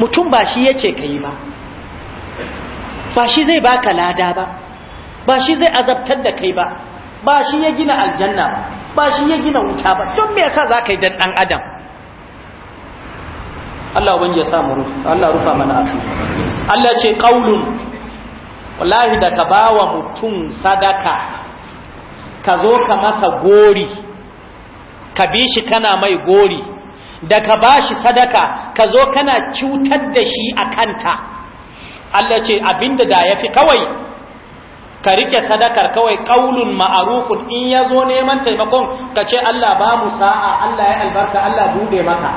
mutum ba shi yace kai ba ba shi zai baka lada ba ba shi zai azabtar da kai ba ba shi ya gina aljanna ba ba shi ya gina wuta ba don me yasa za ka yi dan dan adam Allah ubangi ya sa mu rufu Allah rufa mana asiri Allah ce qaulun wallahi da ka bawa mutum sadaka ka zo ka masa gori ka bi shi kana mai gori da ka bashi sadaka ka zo kana cutar da shi a kanta Allah ce abinda da ya fi kawai ka rike sadakar kawai ƙaulun ma'arufun in yazo neman taimakon ka ce Allah ba mu sa'a Allah ya albarka Allah bude maka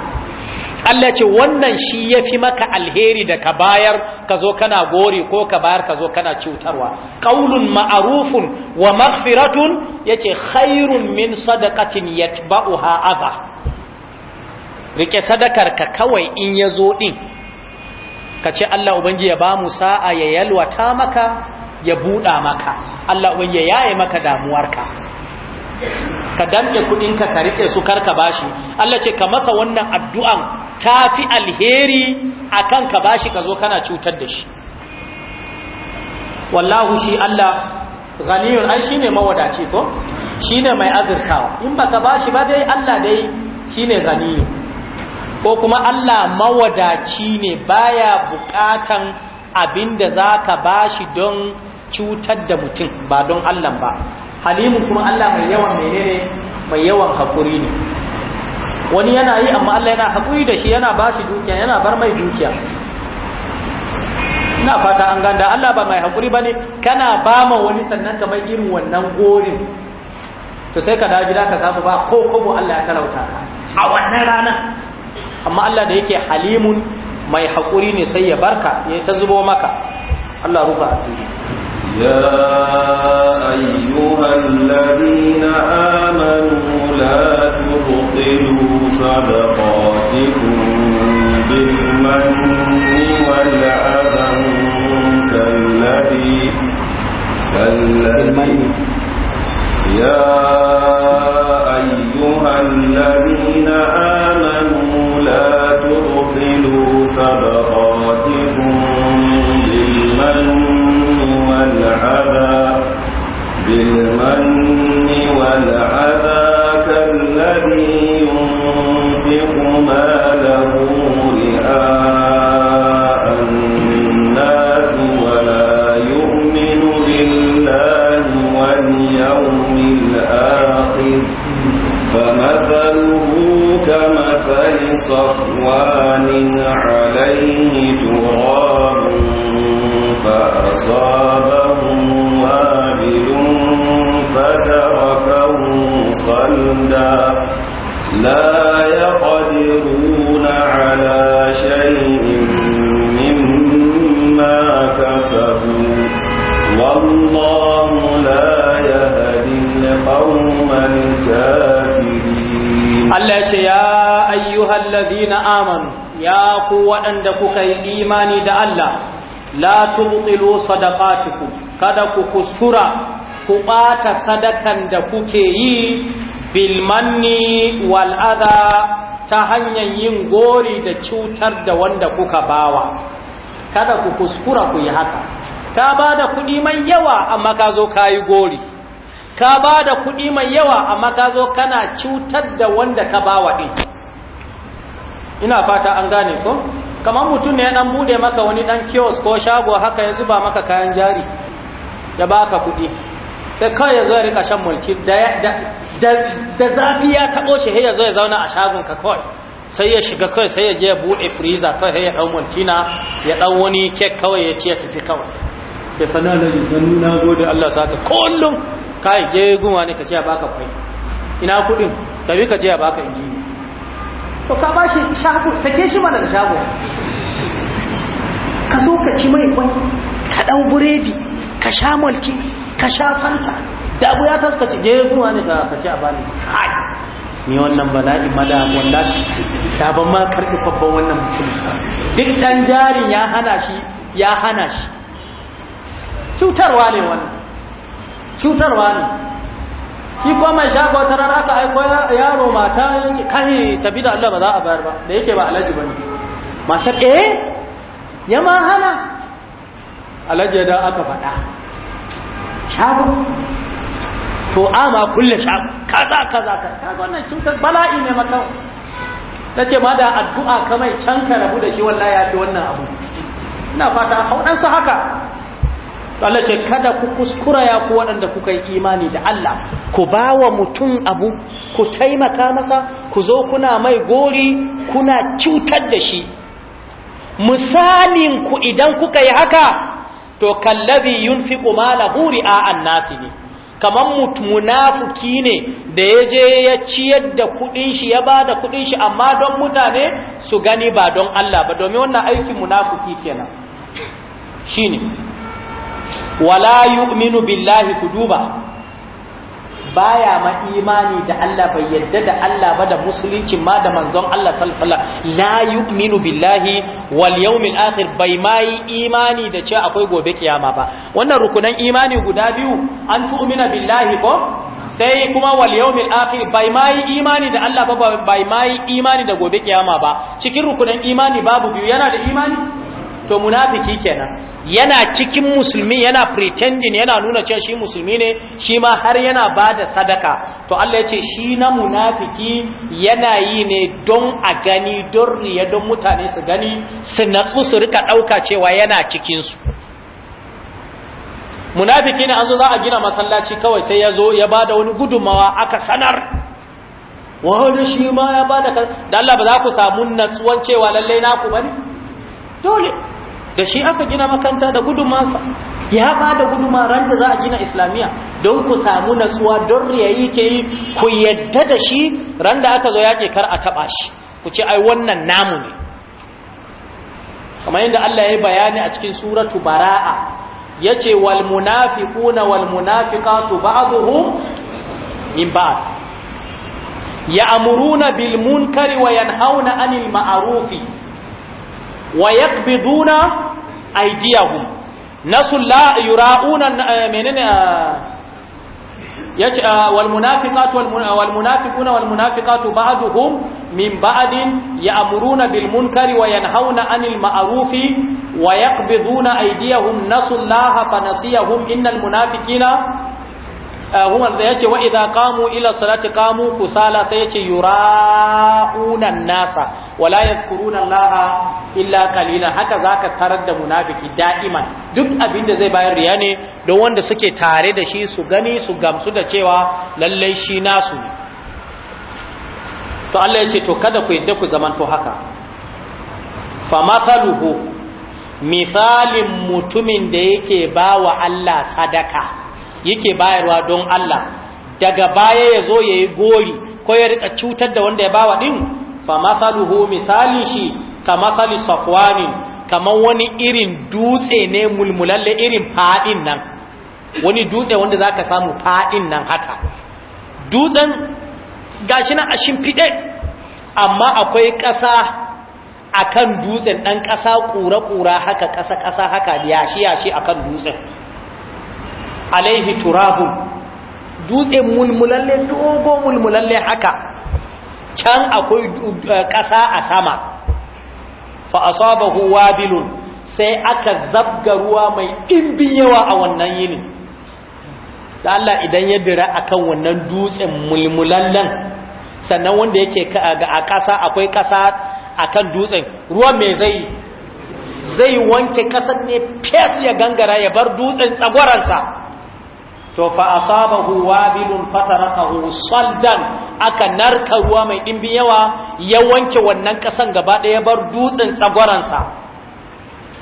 Allah ce wannan shi ya fi maka alheri da ka bayar ka zo kana gori ko ka bayar ka zo kana cutarwa Ƙaulun ma'arufun wa maghfiratun yace khairun min sadaqatin yatba'uha adha rike sadakar ka kawai in yazo zo din ka ce Allah ubangi ya ba mu sa'a ya yalwata maka ya buɗa maka Allah ya yaye maka damuwarka ka danke kuɗinka ka rike su karka bashi Allah ce ka masa wannan addu'an tafi alheri akan ka bashi ka zo kana cutar da shi wallahu shi Allah ghaniyun ai shine mawadaci ko shine mai azurtawa in baka bashi ba dai Allah dai shine gani. ko kuma Allah mawadaci ne baya bukatan abinda zaka bashi don cutar da mutum ba don Allah ba halimun kuma Allah mai yawan menene mai yawan hakuri ne wani yana yi amma Allah yana hakuri da shi yana ba shi dukiya yana bar mai dukiya ina fata an ganda Allah ba mai hakuri bane kana ba ma wani sannan kamar irin wannan gorin to sai ka dawo gida ka zafa ba ko kobo Allah ya talauta ka a wannan rana amma Allah da yake halimun mai hakuri ne sai ya barka ya ta zubo maka Allah rufa asiri يا أيها الذين آمنوا لا صدقاتكم بالمن والأذى كالذي كالذي يا أيها الذين آمنوا لا تبطلوا صدقاتكم عني ولا حمدا لا يقدرون على شيء مما كسبوا والله لا يهدي القوم الكافرين الله يا أيها الذين آمنوا يا قوة عندك إيماني دا الله لا تبطلوا صدقاتكم kada ku kuskura ku ɓata sadakan da kuke yi bilmanni wal'ada ta hanyar yin gori da cutar da wanda kuka bawa kada ku kuskura ku yi haka ka ba da kuɗi mai yawa amma ka zo ka yi gori ka ba da kuɗi mai yawa amma ka zo kana cutar da wanda ka bawa ɗin ina fata an gane ko kamar mutum ne ya ɗan buɗe maka wani ɗan kiosk ko shago haka ya zuba maka kayan jari ya baka kuɗi sai kawai ya zo ya rika shan mulki da zafi ya taɓo shi ya zo ya zauna a shagon ka kawai sai ya shiga kawai sai ya je ya buɗe freezer kawai ya ɗau multina ya ɗau wani kek kawai ya ce ya tafi kawai ya sana da jisanu na gode Allah sa ta kullum kai je guma ne ka ce ya baka kwai ina kuɗin tafi ka ce ya baka inji to ka ba shi shago sake shi mana da shago ka so ka ci mai kwai ka ɗau buredi ka sha mulki ka sha fanta da abu ya taskace je zuwa ne da kace a bani hai ni wannan bala'i mada wanda ta ban ma karfi babban wannan mutum duk dan jarin ya hana shi ya hana shi cutarwa ne wannan cutarwa ne shi ko mai shago ta rana aka aiko yaro mata yake kai tafi da Allah ba za a bayar ba da yake ba alaji bane matar eh ya ma hana alaji da aka faɗa shago to ama kulle sha kaza kaza ka kaga wannan cutar bala'i ne maka ce ma da addu'a kamar can ka rabu da shi wallahi ya fi wannan abu ina fata haudan haka Allah ce kada ku kuskura ya ku waɗanda kuka yi imani da Allah ku ba wa mutum abu ku taimaka masa ku zo kuna mai gori kuna cutar da shi misalin ku idan kuka yi haka to kallabi yunfiqu mala buri a annasi ne kamar munafuki ne da ya je ya ciyar da kudin shi ya ba da kudin shi amma don mutane su gani ba don Allah ba domin wannan aikin munafuki kenan shine wala yu'minu billahi kuduba baya ma imani da Allah bai yadda da Allah ba da musulunci ma da manzon Allah sallallahu la yu'minu billahi wal yawmil akhir bai ma imani da cewa akwai gobe kiyama ba wannan rukunan imani guda biyu an tu'mina billahi ko sai kuma wal yawmil akhir bai ma imani da Allah ba bai ma imani da gobe kiyama ba cikin rukunan imani babu biyu yana da imani to munafiki kenan yana cikin musulmi yana pretending yana nuna cewa shi musulmi ne shi ma har yana bada sadaka to Allah ya ce shi na munafiki yana yi ne don a gani don riya don mutane su gani su natsu su rika ɗauka cewa yana cikin su munafiki ne an zo za a gina masallaci kawai sai ya zo ya bada wani gudummawa aka sanar wani shi ma ya bada da da Allah ba za ku samu natsuwan cewa lallai naku ba dole da shi aka gina makanta da gudunmansa ya ba da guduma ran da za a gina islamiyya don ku samu natsuwa don riyayi ke yi ku yadda da shi ran da aka zo ke kar a taɓa shi ku ce ai wannan namu ne kamar yadda Allah ya bayani a cikin suratu bara'a yace wal munafiquna wal munafiqatu ba'dhum min ba'd ya'muruna bil munkari wa yanhauna 'anil ma'rufi wa yaqbiduna aydiyahum nasu la yura'una eh, menene eh, yace eh, wal munafiqatu wal munafiquna wal munafiqatu ba'duhum min ba'din ya'muruna bil munkari wa yanhauna 'anil ma'rufi wa yaqbiduna aydiyahum nasu llaha fa nasiyahum innal munafiqina Eh, Umar da yace wa idza qamu ila salati qamu kusala sai yace yura'una nasa wala yadhkuruna Allah illa qalilan haka zaka tarar da munafiki da'iman duk abinda zai bayar riya ne don wanda suke tare da shi su gani su gamsu da cewa lalle shi nasu ne to Allah yace to kada ku yadda ku zamanto haka fa mathaluhu misalin mutumin da yake wa Allah sadaka yake bayarwa don Allah daga baya ya zo ya yi gori ko ya rika cutar da wanda ya bawa ɗin fa misalin shi ka safwanin kamar wani irin dutse ne mulmulalle irin faɗin nan wani dutse wanda za ka samu faɗin nan haka dutsen gashi nan a shimfiɗe amma akwai ƙasa akan dutsen ɗan ƙasa ƙura-ƙura haka ƙasa-ƙasa haka yashi-yashi akan dutsen alaihi turabun dutse mulmulalle dogo mulmulalle haka can akwai eh, ƙasa a sama fa asabahu wabilun sai aka zabga ruwa mai ɗimbin yawa a wannan yini da Allah idan ya dira akan wannan dutsen mulmulallen sannan wanda yake a ƙasa akwai ƙasa akan dutsen ruwa mai zai zai wanke ƙasar ne fes ya gangara ya bar dutsen tsagwaransa to fa asabahu wabilun fatarakahu saldan aka narka ruwa mai dimbin yawa ya wanke wannan kasan gaba daya bar dutsen tsagwaransa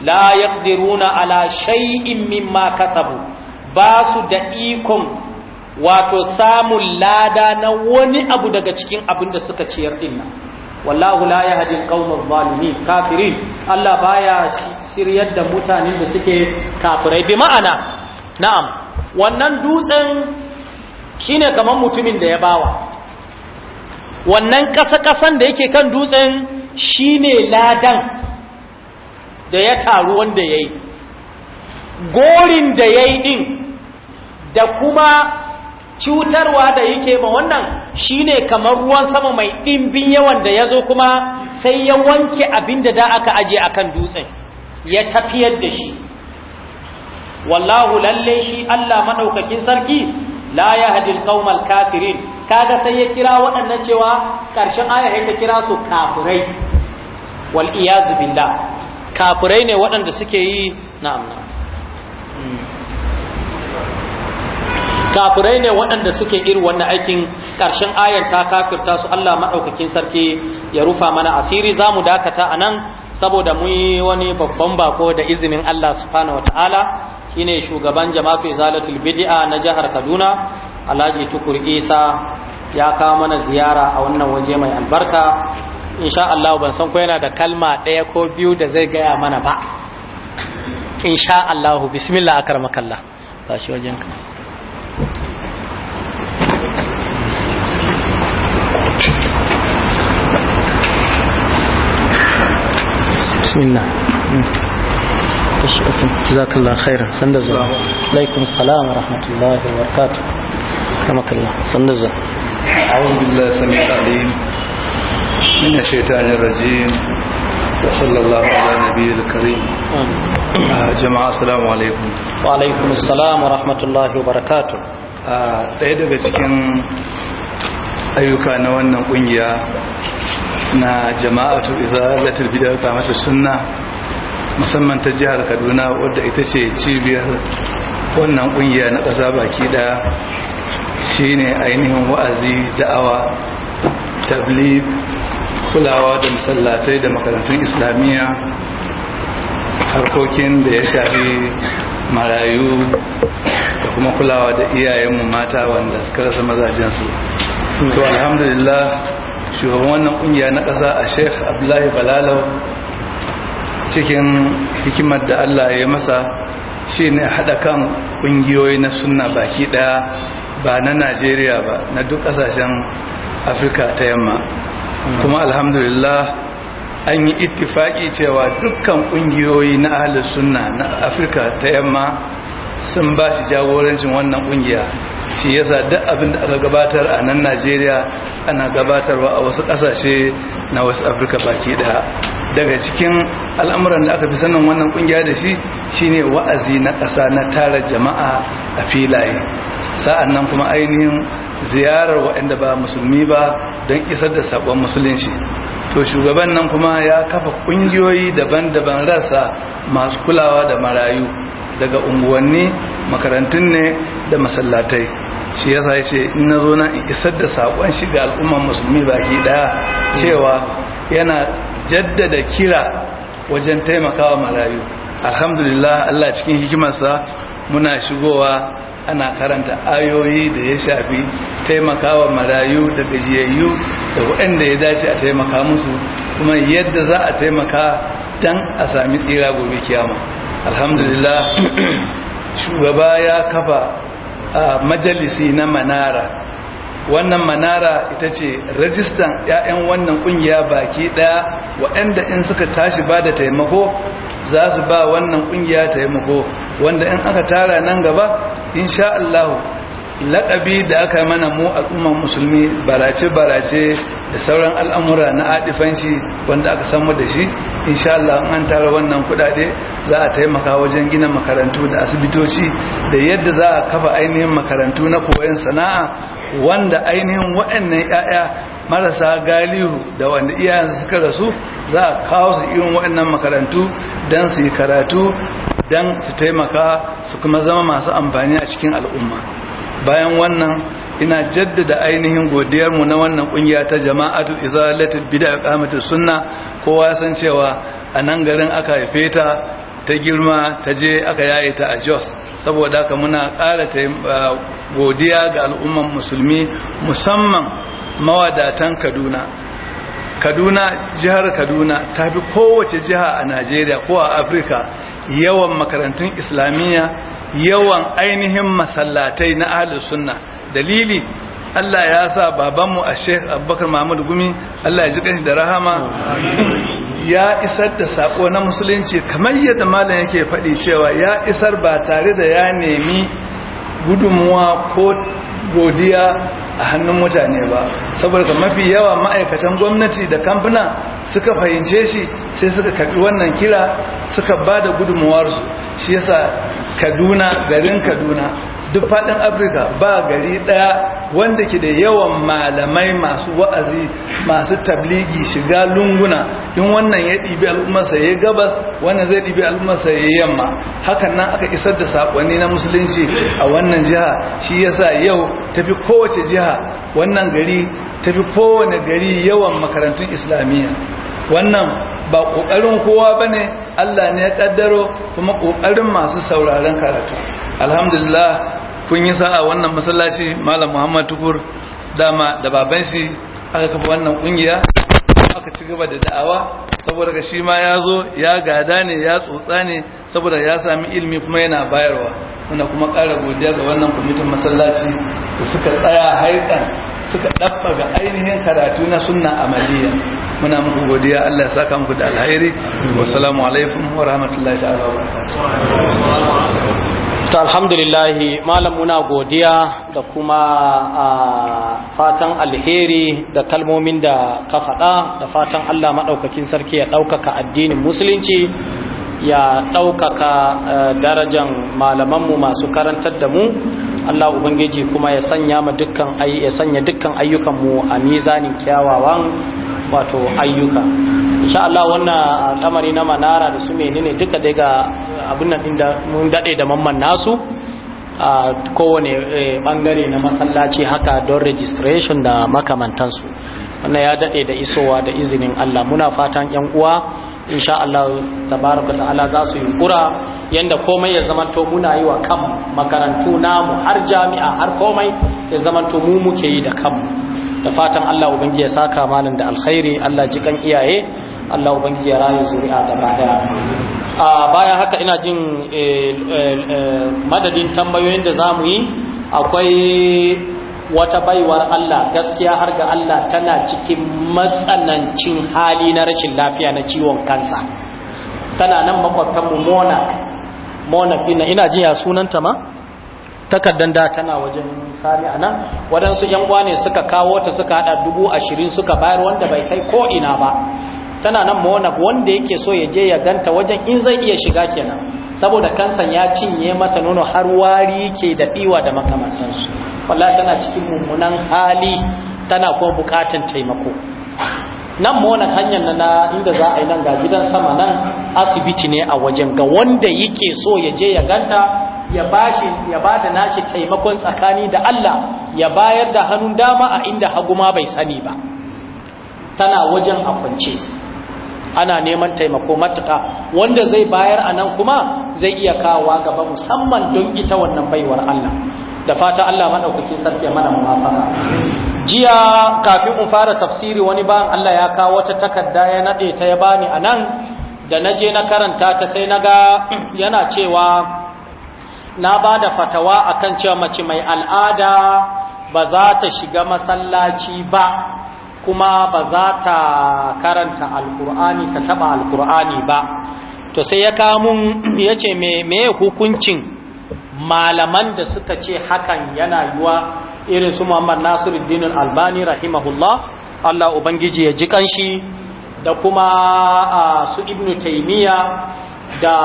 la yaqdiruna ala shay'in mimma kasabu ba su da ikon wato samun lada na wani abu daga cikin abin da suka ciyar dinnan wallahu la yahdi adh-dhalimin kafirin Allah baya shiryar da mutanen da suke kafirai bi ma'ana na'am wannan dutsen ne kamar mutumin da ya bawa wannan ƙasa-ƙasan da yake kan dutsen shi ne ladan da ya taru wanda ya yi gorin da ya yi ɗin da kuma cutarwa da yake ma wannan shi ne kamar ruwan sama mai ɗimbin yawan da ya zo kuma sai ya wanke abin da da aka aje akan dutsen ya tafiyar da shi wallahu lalle shi Allah madaukakin sarki la yahdil qaumal kafirin kaga sai ya kira waɗannan cewa ƙarshen aya ya kira su kafirai wal iyazu billah kafirai ne waɗanda suke yi na'am kafirai ne waɗanda suke iri wannan aikin ƙarshen ayar ta kafirta su Allah maɗaukakin sarki ya rufa mana asiri za mu dakata a nan saboda mu yi wani babban bako da izinin Allah subhanahu wataala shine shugaban jama'a zalatul bid'a na jihar Kaduna Alhaji Tukur Isa ya kawo mana ziyara a wannan waje mai albarka insha Allah ban san ko yana da kalma ɗaya ko biyu da zai gaya mana ba insha Allah bismillah akarmakallah ba shi wajenka بسم الله جزاك الله خيرا سندزا عليكم السلام ورحمة الله وبركاته رحمك الله سندزا أعوذ بالله السميع العليم من الشيطان الرجيم وصلى الله على النبي الكريم آه، جماعة السلام عليكم وعليكم السلام ورحمة الله وبركاته آه، أيدك أيوكا نوانا قنيا na jama'atu izalatul bid'ah ta mata sunna musamman ta jihar Kaduna wadda ita ce cibiyar wannan kungiya na ƙasa baki da shine ainihin wa'azi da'awa tabligh kulawa da masallatai da makarantun islamiyya harkokin da ya shafi marayu da kuma kulawa da iyayenmu mata wanda suka rasa mazajensu to alhamdulillah shugaban wannan kungiya na ƙasa a sheikh abdullahi balalau cikin hikimar da allah ya masa shi ne haɗa kan ƙungiyoyi na sunna baki ɗaya ba na najeriya ba na duk ƙasashen afirka ta yamma kuma alhamdulillah an yi ittifaki cewa dukkan ƙungiyoyi na ahalin sunna na afirka ta yamma sun ba shi jagorancin wannan ƙungiya shi yasa duk abin da aka gabatar a nan najeriya ana gabatarwa a wasu kasashe na wasu afirka baki daya daga cikin al'amuran da aka fi sanin wannan kungiya da shi shine wa'azi na ƙasa na tara jama'a a filaye sa'an nan kuma ainihin ziyarar waɗanda ba musulmi ba don isar da sabon musulunci to shugaban nan kuma ya kafa ƙungiyoyi daban-daban rasa masu kulawa da marayu daga unguwanni makarantun ne da masallatai shi ya ya ce in na zo na isar da sakon shi ga al'umman musulmi baki daya. cewa yana jaddada kira wajen taimakawa marayu alhamdulillah Allah cikin hikimarsa muna shigowa ana karanta ayoyi da ya shafi taimakawa marayu da gajiyayyu da waɗanda ya dace a taimaka musu kuma yadda za a taimaka dan a sami tsira gobe kiyama alhamdulillah [clears throat] shugaba ya kafa majalisi na manara wannan manara ita ce rajistan 'ya'yan wannan kungiya baki daya waɗanda in suka tashi ba da taimako za su ba wannan kungiya taimako wanda in aka tara nan gaba insha Allah laƙabi da aka mana mu al'ummar musulmi barace-barace da sauran al'amura na adifanci wanda aka samu da shi insha Allah an tara wannan kudade za a taimaka wajen gina makarantu da asibitoci da yadda za a kafa ainihin makarantu na koyon sana'a wanda ainihin waɗannan 'ya'ya marasa galihu da wanda iyayensu suka rasu za a kawo su irin waɗannan makarantu don su yi karatu don su taimaka su kuma zama masu amfani a cikin al'umma bayan wannan ina jaddada ainihin godiyarmu na wannan kungiya ta jama'atu izalatul bid'a qamatu sunna kowa san cewa a nan garin aka haife ta ta girma ta je aka yaye ta a Jos saboda haka muna ƙara ta godiya ga al'umman musulmi musamman mawadatan Kaduna Kaduna jihar Kaduna ta fi kowace jiha a Najeriya ko a Afirka yawan makarantun islamiyya yawan ainihin masallatai na ahlus sunna dalili Allah ya sa babanmu a Sheikh Abubakar Muhammad Gumi Allah ya ji kanshi da rahama ya isar da sako na musulunci kamar yadda malam yake faɗi cewa ya isar ba tare da ya nemi gudunmuwa ko godiya a hannun mutane ba saboda mafi yawa ma'aikatan gwamnati da kamfuna suka fahimce shi sai suka karbi wannan kira suka ba da gudunmuwarsu shi yasa kaduna garin kaduna duk faɗin afirka ba gari ɗaya wanda ke da yawan malamai masu wa'azi masu tabligi shiga lunguna in wannan ya ɗibi al'ummarsa ya gabas wannan zai ɗibi al'ummarsa ya yamma hakan nan aka isar da saƙonni na musulunci a wannan jiha shi yasa yau tafi kowace jiha wannan gari tafi kowane gari yawan makarantun islamiyya wannan ba ƙoƙarin kowa bane allah ne ya ƙaddaro kuma ƙoƙarin masu sauraren karatu alhamdulillah kun yi sa'a wannan masallaci malam muhammad tukur dama da baban shi aka kafa wannan ƙungiya aka ci gaba da da'awa saboda ga shi ma ya zo ya gada ne ya tsotsa ne saboda ya sami ilimi kuma yana bayarwa muna kuma ƙara godiya ga wannan kwamitin masallaci da suka tsaya haikan suka ɗabba ga ainihin karatu na sunna amaliya muna muku godiya Allah ya saka muku da alheri wa alaikum wa rahmatullahi ta'ala wa barakatuh alhamdulillah malam muna godiya da kuma fatan alheri da kalmomin da ka fada da fatan Allah maɗaukakin sarki ya ɗaukaka addinin musulunci ya ɗaukaka darajan malamanmu masu karantar da mu Allah Ubangiji kuma ya sanya ma dukkan ya sanya dukkan ayyukanmu a mizanin kyawawan wato ayyuka insha Allah wannan al'amari na manara da su menene duka daga ga abin nan din da mun dade da mamman nasu a kowane bangare eh, na masallaci haka don registration da makamantansu wannan ya dade da isowa da izinin Allah muna fatan yan uwa insha Allah tabaraka ta'ala za su yunkura yanda komai ya zamanto muna yi wa kan makarantu namu har jami'a har komai ya zamanto mu muke yi da kanmu da fatan Allah ubangi ya saka malam da alkhairi Allah ji kan iyaye Allah ubangi ya rayu zuri'a ta baya a bayan haka ina jin eh, eh, eh, madadin tambayoyin da zamu yi akwai wata baiwar Allah gaskiya har ga Allah tana cikin matsanancin hali na rashin lafiya na ciwon kansa tana nan makwabtan mu mona mona ina jin ya sunanta ma takardar da tana wajen sami a nan waɗansu uwa ne suka kawo ta suka haɗa dubu ashirin suka bayar wanda bai kai ko ina ba tana nan mawana wanda yake so ya je ya ganta wajen in zai iya shiga kenan saboda kansan ya cinye mata nono har wari ke da ɗiwa da makamantansu wallahi tana cikin mummunan hali tana kuma bukatan taimako nan mona hanyar na inda za a yi nan ga gidan sama nan asibiti ne a wajen ga wanda yake so ya je ya ganta ya bashi ya bada nashi taimakon tsakani da Allah ya bayar da hannun dama a inda haguma bai sani ba tana wajen akwance. ana neman taimako matuka wanda zai bayar a nan kuma zai iya kawo gaba musamman don ita wannan baiwar Allah da fata Allah maɗaukakin sarki mana mafaka jiya kafin in fara tafsiri wani ban Allah ya kawo wata takarda ya nade ta ya bani a nan da naje na karanta ta sai naga [clears throat] yana cewa na ba da fatawa akan cewa mace mai al'ada ba za ta shiga masallaci ba kuma ba za ta karanta alkur'ani ta taba alkur'ani ba to sai ya kamun ya ce mai hukuncin malaman da suka ce hakan yana yiwa irin su muhammad nasiruddin albani rahimahullah allah ubangiji ya ji kanshi da kuma su ibnu taimiyya da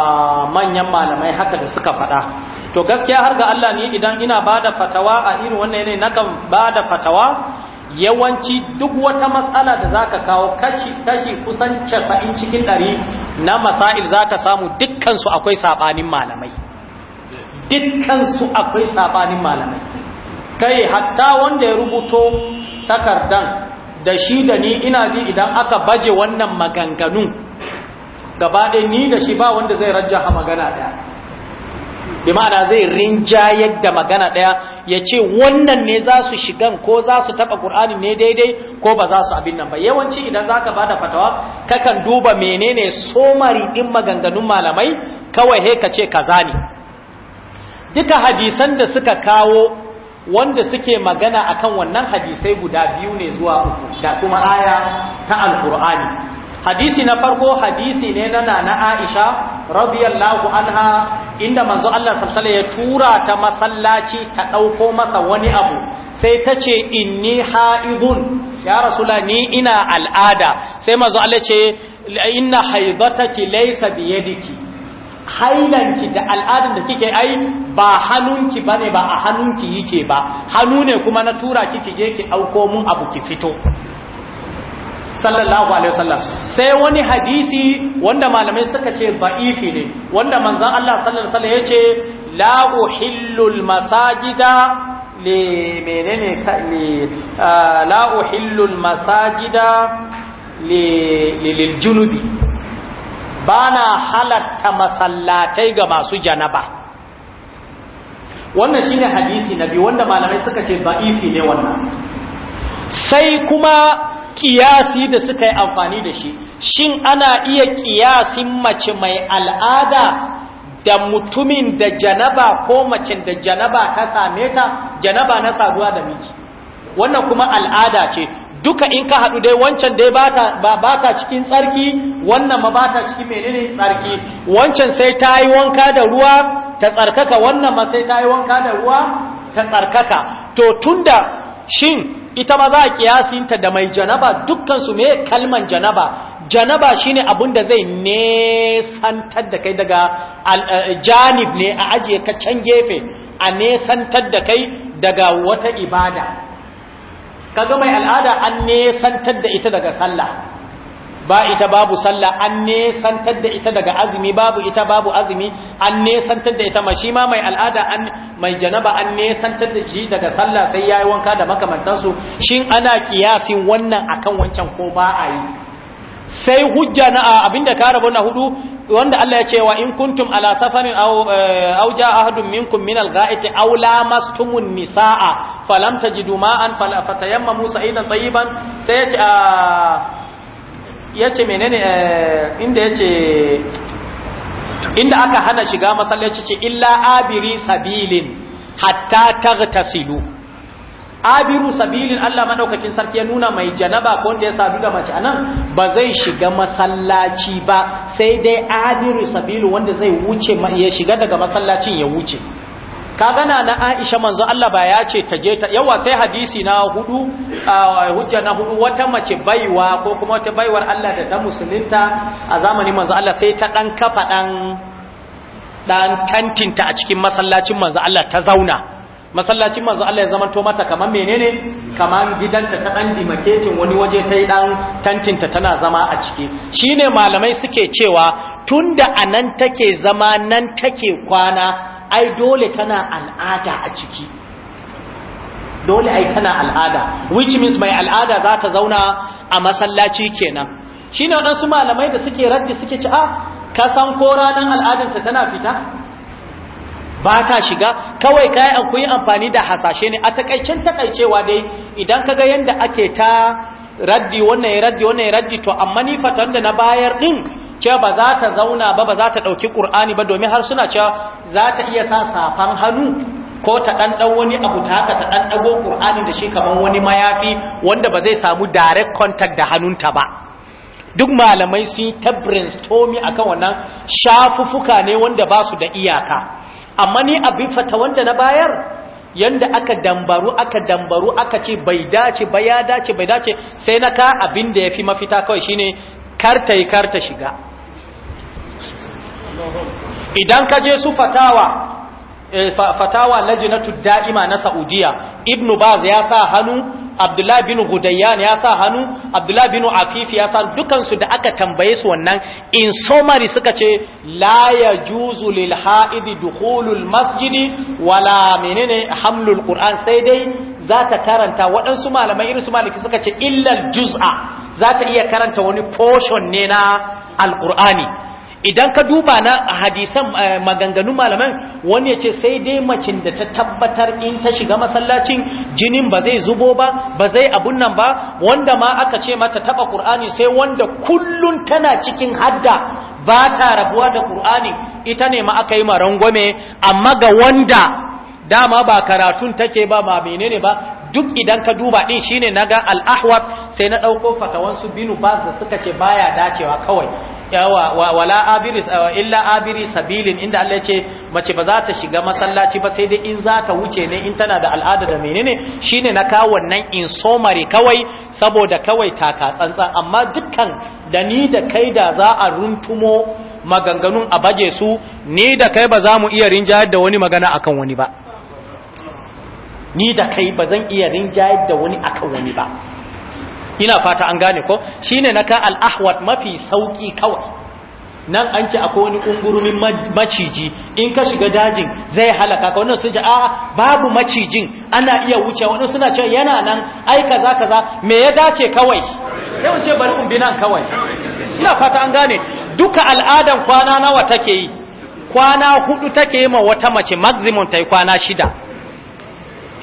manyan malamai haka da suka faɗa to gaskiya har ga Allah ne idan ina bada fatawa a irin wannan yanayi nakan bada fatawa yawanci duk wata matsala da zaka kawo kashi kashi kusan 90 cikin 100 na masail zaka samu dukkan su akwai sabanin malamai dukkan su akwai sabanin malamai kai hatta wanda ya rubuto takardan da shi da ni ina ji idan aka baje wannan maganganun gaba ɗaya ni da shi ba wanda zai rajjaha magana ɗaya bi ma'ana zai rinjayar da magana ɗaya ya ce wannan ne za su shigan ko za su taɓa ƙur'ani ne daidai ko ba za su abin nan ba yawanci idan za ka bada fatawa kakan duba menene somari ɗin maganganun malamai kawai he ka ce kaza ne duka hadisan da suka kawo wanda suke magana akan wannan hadisai guda biyu ne zuwa uku da kuma aya ta alƙur'ani hadisi na farko hadisi ne na nana Aisha radiyallahu anha inda manzo Allah sallallahu ya tura ta masallaci ta dauko masa wani abu sai ta ce inni haidun ya rasulani ina al'ada sai manzo Allah ce inna haidataki laysa yadiki hailanki da al'adun da kike ai ba hannunki bane ba a hannunki yake ba hannu ne kuma na tura kike je ki dauko mun abu ki fito sallallahu alaihi wasallam sai wani hadisi wanda malamai suka ce ba'ifi ne wanda manzon Allah sallallahu alaihi wasallam yace la uhillul masajida li menene ka li la uhillul masajida li lil junubi bana halatta masallatai ga masu janaba wannan shine hadisi nabi wanda malamai suka ce ba'ifi ne wannan sai kuma kiyasi da suka yi amfani da shi shin ana iya kiyasin mace mai al'ada da mutumin da janaba ko mace da janaba ta same ta janaba na saduwa da miji wannan kuma al'ada ce duka in ka haɗu dai wancan dai ba ta cikin tsarki wannan ma ba ta cikin menene tsarki wancan sai ta yi wanka da ruwa ta tsarkaka wannan ma sai ta yi wanka da ruwa ta tsarkaka to tunda shin ita ma za a kiyasinta da mai janaba dukkansu me kalman janaba janaba shine abun da zai nesantar da kai daga eh, eh, janib ne a ajiye ka can gefe a nesantar da kai daga wata ibada kaga mai al'ada an nesantar da ita daga sallah ba ita babu sallah an nesantar da ita daga azumi babu ita babu azumi an nesantar da ita ma shi ma mai al'ada an mai janaba an nesantar da shi daga sallah sai yayi wanka da makamantansu shin ana kiyasin wannan akan wancan ko ba a yi sai hujja na abinda ka rabu na hudu wanda Allah ya ce wa in kuntum ala safarin aw eh, aw jaa ahadun minkum min al-gha'it aw lamastumun nisaa falam tajidu ma'an fala fatayammamu sa'idan tayyiban sai ya ce ya ce menene eh, inda ya ce inda aka hana shiga masallaci ce illa abiri sabilin hatta tagtasilu abiru sabilin Allah madaukakin sarki ya nuna mai janaba ko wanda ya sadu da mace anan ba zai shiga masallaci ba sai dai abiru sabilu wanda zai wuce ya shiga daga masallacin ya wuce ka gana na Aisha manzo Allah ba ya ce ta je ta yawa sai hadisi na hudu hujja na hudu wata mace baiwa ko kuma wata baiwar Allah da ta musulunta a zamanin manzo Allah sai ta dan kafa dan dan tantinta a cikin masallacin manzo Allah ta zauna masallacin manzo Allah ya zamanta mata kaman menene kaman gidanta ta dan dimaketin wani waje ta yi dan tantinta tana zama a ciki shine malamai suke cewa tunda anan take zama nan take kwana ai dole tana al'ada a ciki dole ai tana al'ada which means mai al'ada za ta zauna a masallaci kenan shine waɗansu malamai da suke raddi suke ci a ah, ka san ko ranar ta tana fita ba ta shiga kawai kayan kuyi yi amfani da hasashe ne a takaicin takaicewa dai idan kaga yadda ake ta raddi wannan ya raddi wannan ya raddi to amma ni fatan da na bayar din cewa ba za ta zauna ba ba za ta ɗauki ƙur'ani ba domin har suna cewa za ta iya sa safan hannu ko ta ɗanɗan wani abu ta haka ta ɗanɗago ƙur'ani da shi kamar wani mayafi wanda ba zai samu direct contact da hannunta ba duk malamai sun yi ta a akan wannan shafufuka ne wanda ba su da iyaka amma ni abin fata wanda na bayar yanda aka dambaru aka dambaru aka ce bai dace ba ya dace bai dace sai na ka abin da ya fi mafita kawai shine karta yi karta shiga idan ka je su fatawa eh, fatawa lajinatu da'ima na saudiya ibnu baz ya sa hannu abdullahi bin gudayyan ya sa hannu abdullahi bin afifi ya sa dukansu da aka tambaye su wannan in somari suka ce la yajuzu lil haidi dukhulul masjidi wala menene hamlul qur'an sai dai za ta karanta waɗansu malamai irin su maliki suka ce illal juz'a za ta iya karanta wani portion ne na alqur'ani idan ka duba na hadisan eh, maganganun malaman wani ya ce sai dai macin da ta tabbatar in ta shiga masallacin jinin ba zai zubo ba ba zai abun nan ba wanda ma aka ce mata taba qur'ani sai wanda kullun tana cikin hadda ba ta rabuwa da qur'ani ita ne ma aka yi marangwame amma ga wanda dama ba karatun take ba ba menene ba duk idan ka duba din shine naga al-ahwab sai na dauko fatawansu binu bas da suka ce baya dacewa kawai wala abiris illa abiri sabilin inda Allah ce mace ba za ta shiga masallaci ba sai dai in za ta wuce ne in tana da al'ada da menene shine na kawo wannan in somare kawai saboda kawai taka tsantsan amma dukkan da ni da kai da za a runtumo maganganun a baje su ni da kai ba za mu iya rinjayar da wani magana akan wani ba ni da kai ba zan iya rinjayar da wani akan wani ba ina fata an gane ko shine naka al-ahwat mafi sauki kawai nan an ce akwai wani ungurumin maciji in ka shiga dajin zai halaka ka wannan sun ce a'a babu macijin ana iya wuce wani suna ce yana nan ai kaza kaza me ya dace kawai sai mu ce bari kun bi nan kawai ina fata an gane duka al'adan kwana nawa take yi kwana hudu take yi ma wata mace maximum tai kwana shida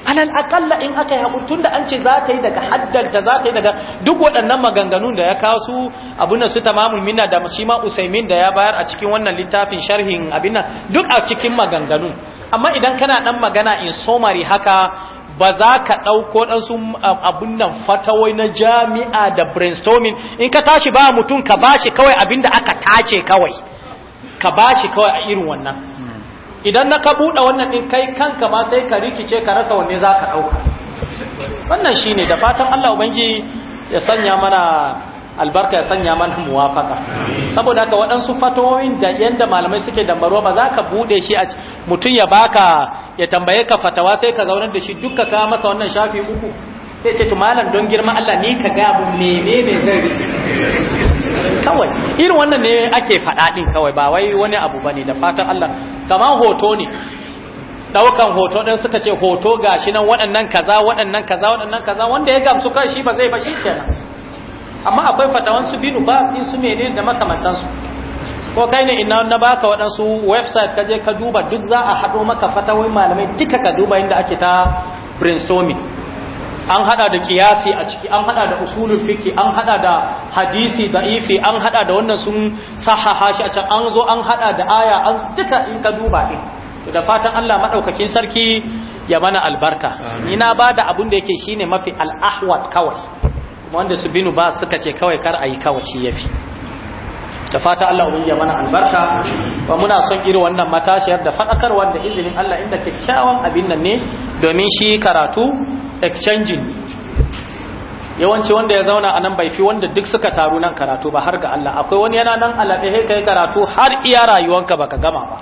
alal akalla in aka yi haƙuri tunda an ce za ta yi daga haddalta za ta yi daga duk waɗannan maganganun da ya kawo su abin da su tamamun minna da shi ma usaimin da ya bayar a cikin wannan littafin sharhin abin nan duk a cikin maganganun amma idan kana ɗan magana in somari haka ba za ka ɗauko ɗansu abin nan fatawai na jami'a da brainstorming in ka tashi ba mutum ka bashi kawai abin da aka tace kawai ka bashi kawai a irin wannan idan na ka buɗe wannan ɗin kai kanka ma sai ka rikice ka rasa wanne za ka ɗauka wannan shi ne da fatan Allah ubangi ya sanya mana albarka ya sanya mana muwafaka saboda haka waɗansu fatoyin da yadda malamai suke dambarwa ba za ka buɗe shi a mutum ya baka ya tambaye ka fatawa sai ka zaunar da shi duka ka masa wannan shafi uku sai ce to malam don girma Allah ni ka ga ne menene zai kawai irin wannan ne ake faɗa ɗin kawai ba wai wani abu bane da fatan Allah kamar hoto ne daukan hoto din suka ce hoto gashi nan waɗannan kaza waɗannan kaza waɗannan kaza wanda ya gamsu kan shi ba zai ba shi kenan amma akwai fatawan su binu ba in su menene da makamantansu, ko kai ne ina na baka waɗansu website ka je ka duba duk za a haɗo maka fatawai malamai duka ka duba inda ake ta brainstorming an hada da kiyasi a ciki an hada da usulul fiqi an hada da hadisi da'ifi an hada da wannan sun sahaha shi a can an zo an hada da aya an duka in ka duba din to da fatan Allah madaukakin sarki ya mana albarka ni na bada abun da yake shine mafi al-ahwat kawai wanda su binu ba suka ce kawai kar ayi kawai shi yafi da fata Allah ubangiji mana albarka wa muna son irin wannan matashiyar da faɗakar wanda izinin Allah inda kyakkyawan abin nan ne domin shi karatu exchanging yawanci wanda ya zauna a nan bai fi wanda duk suka taru nan karatu ba har ga Allah akwai wani yana nan alaɗe sai kai karatu har iya rayuwanka baka gama ba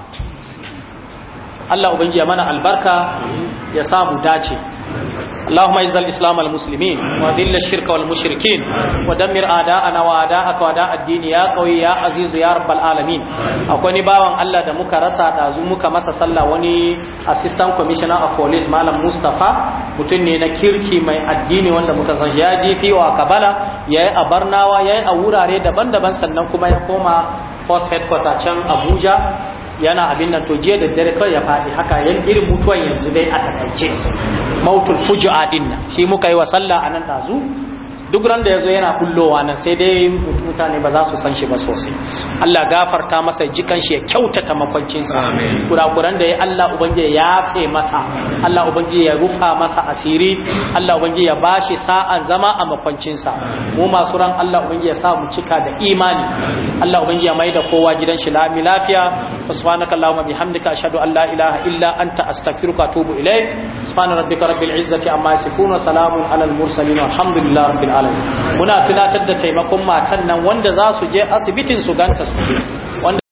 Allah ubangiji mana albarka ya samu dace اللهم اعز الاسلام والمسلمين واذل الشرك والمشركين ودمر اعداءنا واعداءك واعداء الدين يا قوي يا عزيز يا رب العالمين akwai ni bawan Allah da muka rasa dazu muka masa sallah wani assistant commissioner of police malam Mustafa mutum ne na kirki mai addini wanda muka san ya difi wa kabala yayi a Barnawa yayi a wurare daban-daban sannan kuma ya koma force headquarter can Abuja yana abin nan to jiya da dare kawai ya faɗi haka yan irin mutuwan yanzu dai a takaice mautul fuju'a din nan shi muka yi wa sallah anan nan ɗazu duk ran da ya zo yana kullowa nan sai dai mutane ba za su san shi ba sosai Allah gafarta masa jikan shi ya kyautata makwancinsa kurakuran da ya Allah ubangiji ya yafe masa Allah ubangiji ya rufa masa asiri Allah ubangiji ya bashi sa'an zama a makwancinsa mu masu ran Allah ubangiji ya sa mu cika da imani Allah ubangiji ya mai da kowa gidan shi lami lafiya subhanaka allahumma bihamdika ashhadu an la ilaha illa anta astaghfiruka wa atubu ilayk subhana rabbika rabbil izzati amma yasifun wa salamun alal mursalin walhamdulillahi rabbil alamin muna tunatar da taimakon matan nan wanda za su je asibitin su ganta su wanda